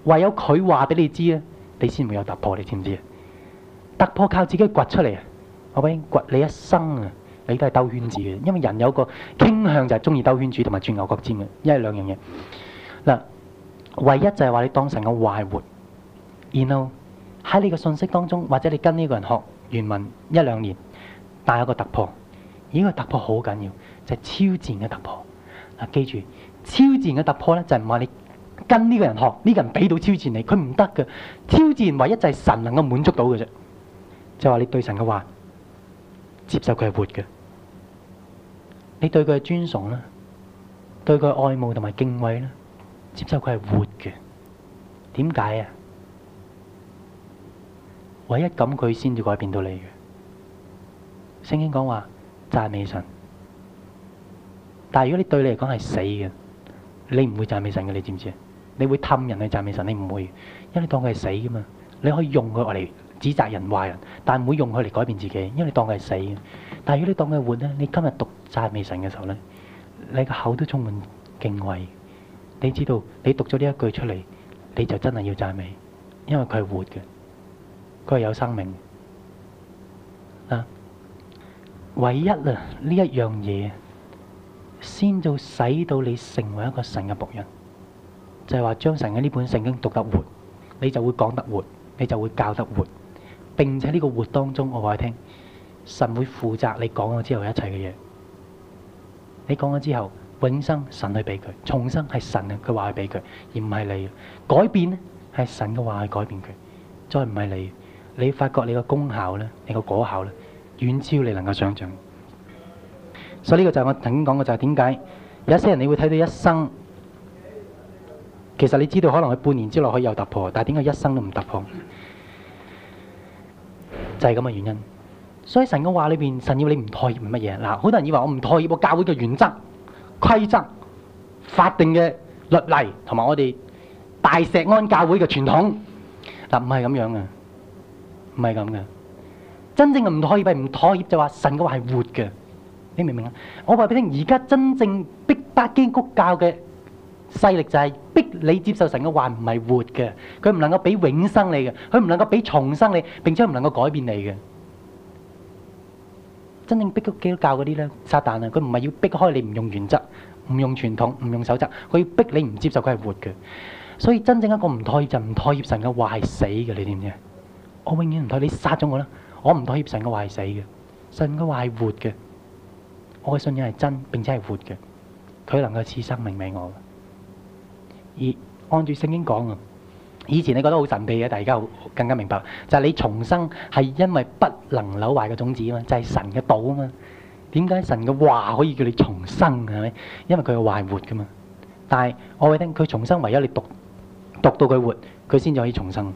唯有佢話俾你知啊！你先會有突破，你知唔知啊？突破靠自己掘出嚟啊！我畀你掘你一生啊，你都係兜圈子嘅，因為人有個傾向就係中意兜圈子同埋轉牛角尖嘅，一係兩樣嘢。嗱，唯一就係話你當成個壞活，然後喺你嘅信息當中，或者你跟呢個人學原文一兩年，但係有一個突破，依個突破好緊要，就係、是、超自然嘅突破。嗱，記住，超自然嘅突破咧，就係唔話你。跟呢個人學，呢個人俾到超自然，佢唔得嘅。超自然唯一就係神能夠滿足到嘅啫。就話你對神嘅話，接受佢係活嘅。你對佢嘅尊崇啦，對佢嘅愛慕同埋敬畏啦，接受佢係活嘅。點解啊？唯一咁佢先至改變到你嘅。聖經講話讚美神，但係如果你對你嚟講係死嘅，你唔會讚美神嘅，你知唔知啊？你會氹人去讚美神，你唔會，因為你當佢係死嘅嘛。你可以用佢嚟指責人壞人，但唔會用佢嚟改變自己，因為你當佢係死嘅。但如果你當佢活咧，你今日讀讚美神嘅時候咧，你個口都充滿敬畏。你知道你讀咗呢一句出嚟，你就真係要讚美，因為佢係活嘅，佢係有生命啊！唯一啊，呢一樣嘢先至使到你成為一個神嘅僕人。就係話將神嘅呢本聖經讀得活，你就會講得活，你就會教得活。並且呢個活當中，我話你聽，神會負責你講咗之後一切嘅嘢。你講咗之後，永生神去俾佢，重生係神嘅話去俾佢，而唔係你。改變咧係神嘅話去改變佢，再唔係你。你發覺你個功效咧，你個果效咧，遠超你能夠想像。所以呢個就係我曾經講過，就係點解有些人你會睇到一生。其實你知道可能佢半年之內可以有突破，但係點解一生都唔突破？就係咁嘅原因。所以神嘅話裏邊，神要你唔妥協係乜嘢嗱。好多人以為我唔妥協，我教會嘅原則、規則、法定嘅律例同埋我哋大石安教會嘅傳統，嗱唔係咁樣嘅，唔係咁嘅。真正嘅唔妥協係唔妥協就話、神話神嘅話係活嘅，你明唔明啊？我話俾你聽，而家真正逼得堅谷教嘅勢力就係、是。逼你接受神嘅話唔係活嘅，佢唔能夠俾永生你嘅，佢唔能夠俾重生你，並且唔能夠改變你嘅。真正逼佢基督教嗰啲咧，撒旦啊，佢唔係要逼開你唔用原則，唔用傳統，唔用守則，佢要逼你唔接受佢係活嘅。所以真正一個唔妥協就唔妥協神嘅話係死嘅，你知唔知啊？我永遠唔妥協，你殺咗我啦，我唔妥協神嘅話係死嘅，神嘅話係活嘅，我嘅信仰係真並且係活嘅，佢能夠賜生命俾我。而按住聖經講啊，以前你覺得好神秘嘅，但係而家更加明白，就係、是、你重生係因為不能扭壞個種子啊嘛，就係、是、神嘅道啊嘛。點解神嘅話可以叫你重生嘅？係咪？因為佢係活㗎嘛。但係我會聽佢重生，唯有你讀讀到佢活，佢先至可以重生。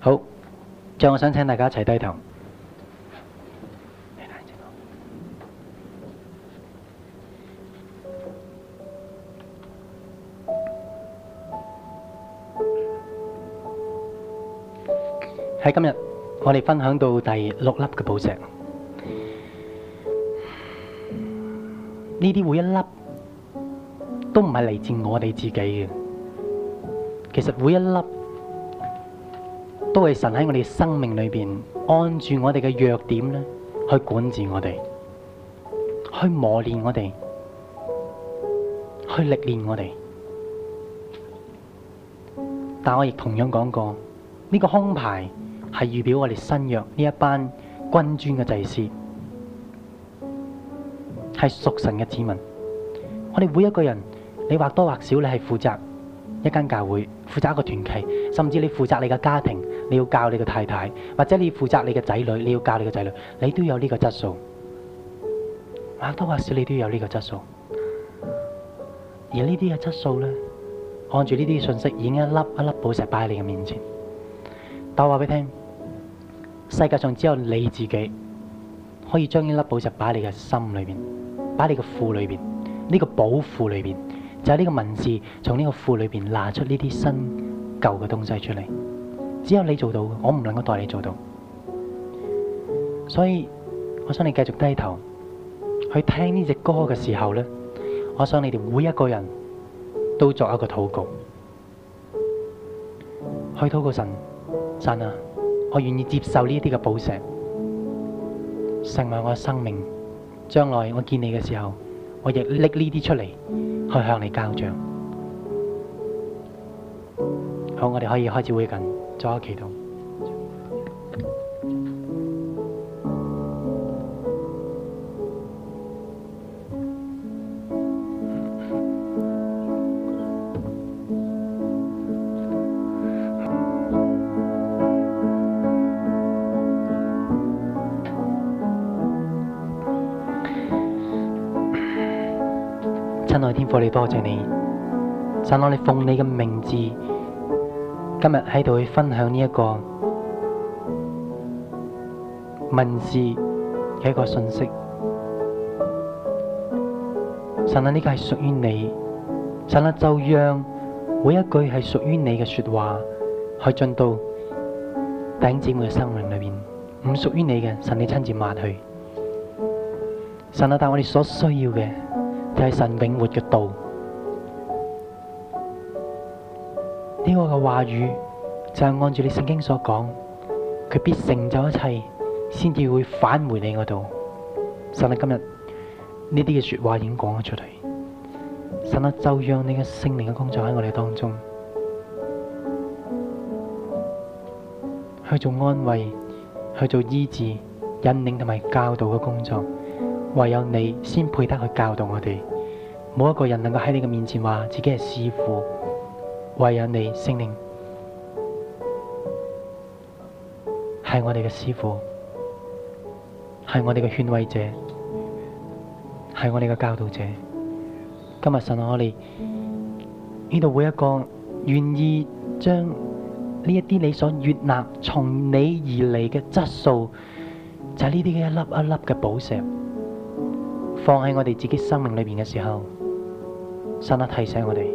好，最後我想請大家一齊低頭。喺今日，我哋分享到第六粒嘅寶石。呢啲每一粒都唔係嚟自我哋自己嘅，其實每一粒都係神喺我哋生命裏邊按住我哋嘅弱點咧，去管治我哋，去磨練我哋，去歷練我哋。但我亦同樣講過，呢、這個胸牌。係預表我哋新約呢一班君尊嘅祭司，係屬神嘅子民。我哋每一個人，你或多或少你係負責一間教會，負責一個團契，甚至你負責你嘅家庭，你要教你嘅太太，或者你負責你嘅仔女，你要教你嘅仔女，你都有呢個質素，或多或少你都有呢個質素。而呢啲嘅質素咧，按住呢啲信息，已經一粒一粒寶石擺喺你嘅面前。但我話俾你聽。世界上只有你自己可以將呢粒寶石擺你嘅心裏邊，擺你嘅庫裏邊，呢個寶庫裏邊就係呢個文字，從呢個庫裏邊拿出呢啲新舊嘅東西出嚟。只有你做到，我唔能夠代你做到。所以我想你繼續低頭去聽呢隻歌嘅時候咧，我想你哋每一個人都作一個禱告，去禱告神，神啊！我願意接受呢啲嘅寶石，成為我的生命。將來我見你嘅時候，我亦拎呢啲出嚟，去向你交賬。好，我哋可以開始會近，再祈禱。多謝你神，神啊！你奉你嘅名字，今日喺度去分享呢一個文字嘅一個信息神。神啊！呢個係屬於你神，神啊！就讓每一句係屬於你嘅說話，去進到弟兄姊妹嘅生命裏邊。唔屬於你嘅，神你親自抹去。神啊！帶我哋所需要嘅。就係、是、神永活嘅道，呢、這個嘅話語就係、是、按住你聖經所講，佢必成就一切，先至會返回你嗰度。神啊，今日呢啲嘅說話已經講咗出嚟，神啊，就讓呢個聖靈嘅工作喺我哋當中，去做安慰、去做醫治、引領同埋教導嘅工作。唯有你先配得去教導我哋，冇一個人能夠喺你嘅面前話自己係師傅。唯有你聖靈係我哋嘅師傅，係我哋嘅勸慰者，係我哋嘅教導者。今日神啊，我哋呢度每一個願意將呢一啲你所悅納從你而嚟嘅質素，就係呢啲嘅一粒一粒嘅寶石。放喺我哋自己生命裏邊嘅時候，神啊，提醒我哋，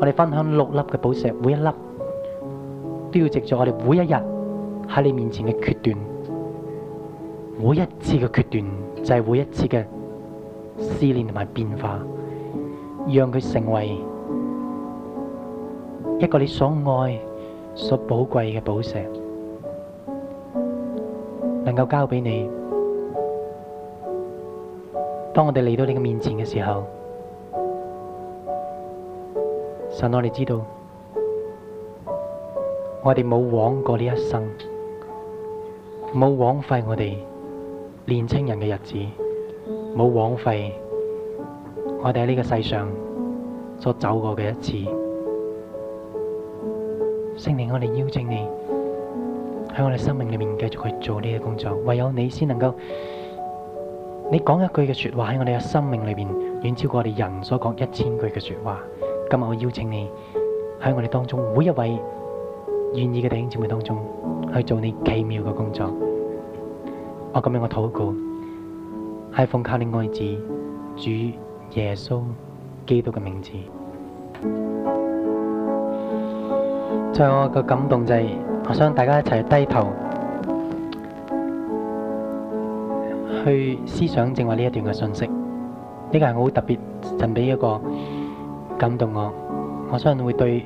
我哋分享六粒嘅寶石，每一粒都要藉助我哋每一日喺你面前嘅決斷，每一次嘅決斷就係每一次嘅思念同埋變化，讓佢成為一個你所愛、所寶貴嘅寶石，能夠交俾你。當我哋嚟到你嘅面前嘅時候，神，我哋知道，我哋冇枉過呢一生，冇枉費我哋年青人嘅日子，冇枉費我哋喺呢個世上所走過嘅一次。聖靈，我哋邀請你喺我哋生命裏面繼續去做呢啲工作，唯有你先能夠。你講一句嘅說話喺我哋嘅生命裏面，遠超過我哋人所講一千句嘅說話，今日我邀請你喺我哋當中，每一位願意嘅弟兄姊妹當中去做你奇妙嘅工作。我今日嘅禱告，係奉靠你愛子，主耶穌基督嘅名字。最後我嘅感動就係，我想大家一齊低頭，去思想正話呢一段嘅信息，呢、這個人我好特別贈俾一個感動我，我相信會對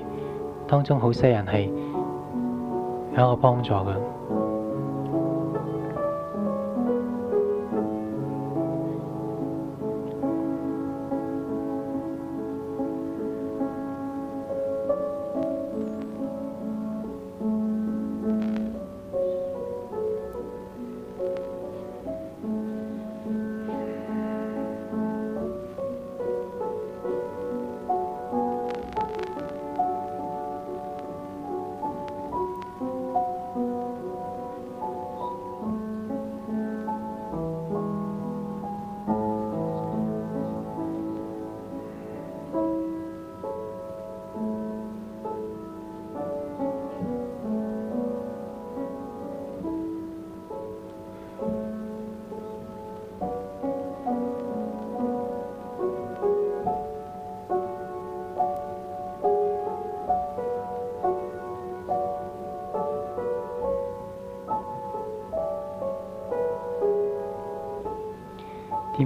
當中好些人係有一個幫助嘅。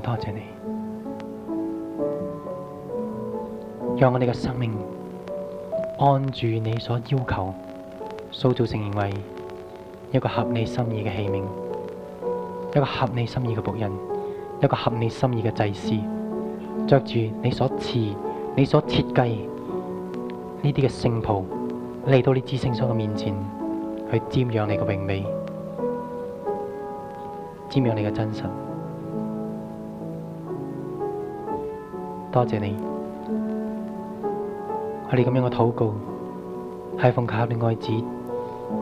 多謝你，讓我哋嘅生命按住你所要求，塑造成為一個合你心意嘅器皿，一個合你心意嘅僕人，一個合你心意嘅祭司，着住你所持、你所設計呢啲嘅聖袍，嚟到你至聖所嘅面前，去瞻仰你嘅榮美，瞻仰你嘅真實。多謝你，我哋咁樣嘅禱告係奉靠你愛子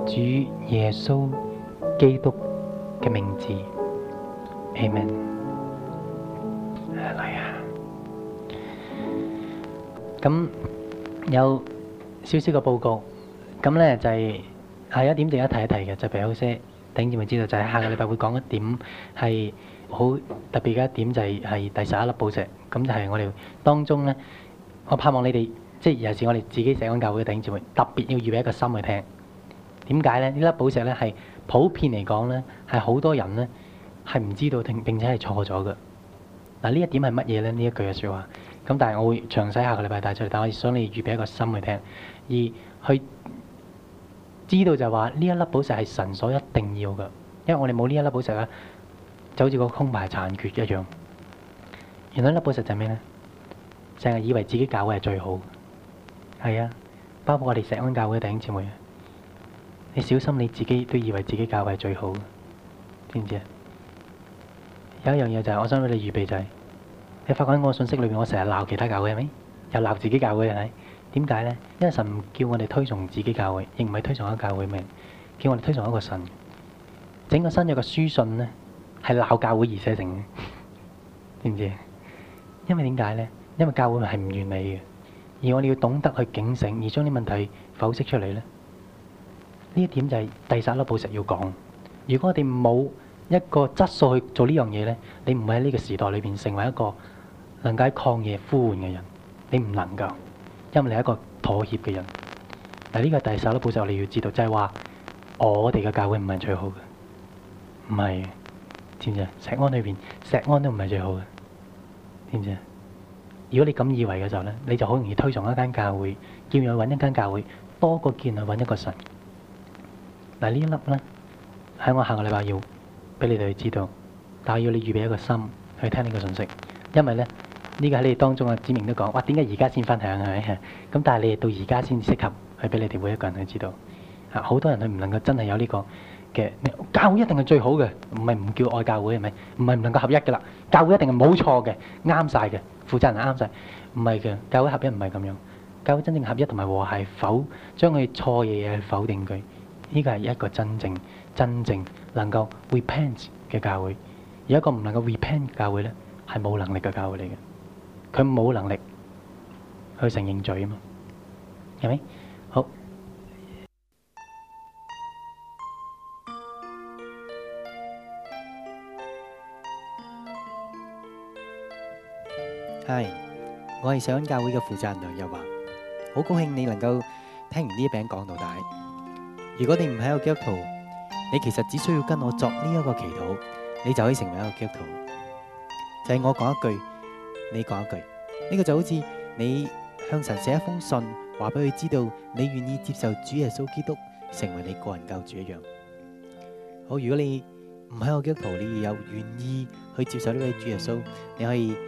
主耶穌基督嘅名字，Amen。嚟啊！咁有少少個報告，咁咧就係係一點，而家提一提嘅就俾好些，頂住咪知道，就喺下個禮拜會講一點係。好特別嘅一點就係係第十一粒寶石，咁就係我哋當中咧。我盼望你哋即係尤其是我哋自己社安教會嘅弟兄姊妹特別要預備一個心去聽。點解咧？呢粒寶石咧係普遍嚟講咧，係好多人咧係唔知道，並並且係錯咗嘅。嗱呢一點係乜嘢咧？呢一句嘅説話。咁但係我會詳細下個禮拜帶出嚟。但係我想你預備一個心去聽，而去知道就係話呢一粒寶石係神所一定要嘅，因為我哋冇呢一粒寶石啊。就好似個空白殘缺一樣。原來粒寶石就係咩咧？成日以為自己教會係最好，係啊，包括我哋石安教會嘅弟兄姊妹，你小心你自己都以為自己教會係最好，知唔知啊？有一樣嘢就係，我想俾你預備就係，你發覺我嘅信息裏面，我成日鬧其他教會係咪？又鬧自己教會係咪？點解咧？因為神唔叫我哋推崇自己教會，亦唔係推崇一個教會名，叫我哋推崇一個神。整個新約嘅書信咧，係鬧教會而寫成嘅，知唔知？因為點解咧？因為教會係唔完美嘅，而我哋要懂得去警醒，而將啲問題剖析出嚟咧。呢一點就係第十一粒寶石要講。如果我哋冇一個質素去做這件事呢樣嘢咧，你唔會喺呢個時代裏邊成為一個能夠喺曠野呼喚嘅人，你唔能夠，因為你係一個妥協嘅人。嗱，呢個第十一粒寶石你要知道，就係、是、話我哋嘅教會唔係最好嘅，唔係。點知啊？石安裏面，石安都唔係最好嘅，點知啊？如果你咁以為嘅時候咧，你就好容易推崇一間教會，叫佢揾一間教會多個見去揾一個神。嗱、啊、呢一粒咧，喺我下個禮拜要俾你哋去知道，但我要你預備一個心去聽呢個信息，因為咧呢、呢個喺你哋當中啊，子明都講，哇點解而家先分享？咁但係你哋到而家先適合去俾你哋每一個人去知道，啊好多人佢唔能夠真係有呢、呢個。嘅教會一定係最好嘅，唔係唔叫愛教會係咪？唔係唔能夠合一嘅啦，教會一定係冇錯嘅，啱晒嘅，負責人啱晒，唔係嘅，教會合一唔係咁樣，教會真正合一同埋和諧否，將佢錯嘅嘢去否定佢，呢個係一個真正真正能夠 repent 嘅教會，而一個唔能夠 repent 教會咧，係冇能力嘅教會嚟嘅，佢冇能力去承認罪啊嘛，係咪？我係上恩教會嘅負責人梁又華，好高興你能夠聽完呢一餅講到大。如果你唔係一個基督徒，你其實只需要跟我作呢一個祈禱，你就可以成為一個基督徒。就係我講一句，你講一句，呢個就好似你向神寫一封信，話俾佢知道你願意接受主耶穌基督成為你個人救主一樣。好，如果你唔係一個基督徒，你有願意去接受呢位主耶穌，你可以。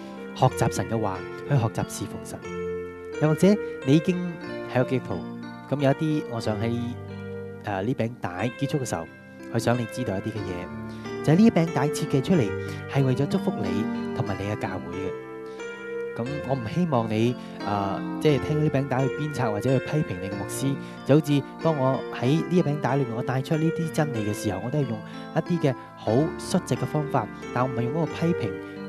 學習神嘅話，去學習侍奉神。又或者你已經喺個基督徒，咁有一啲，我想喺誒呢餅帶結束嘅時候，去想你知道一啲嘅嘢，就係呢餅帶設計出嚟係為咗祝福你同埋你嘅教會嘅。咁我唔希望你誒即係聽到呢餅帶去鞭策或者去批評你嘅牧師，就好似當我喺呢餅帶裏面我帶出呢啲真理嘅時候，我都係用一啲嘅好率直嘅方法，但我唔係用嗰個批評，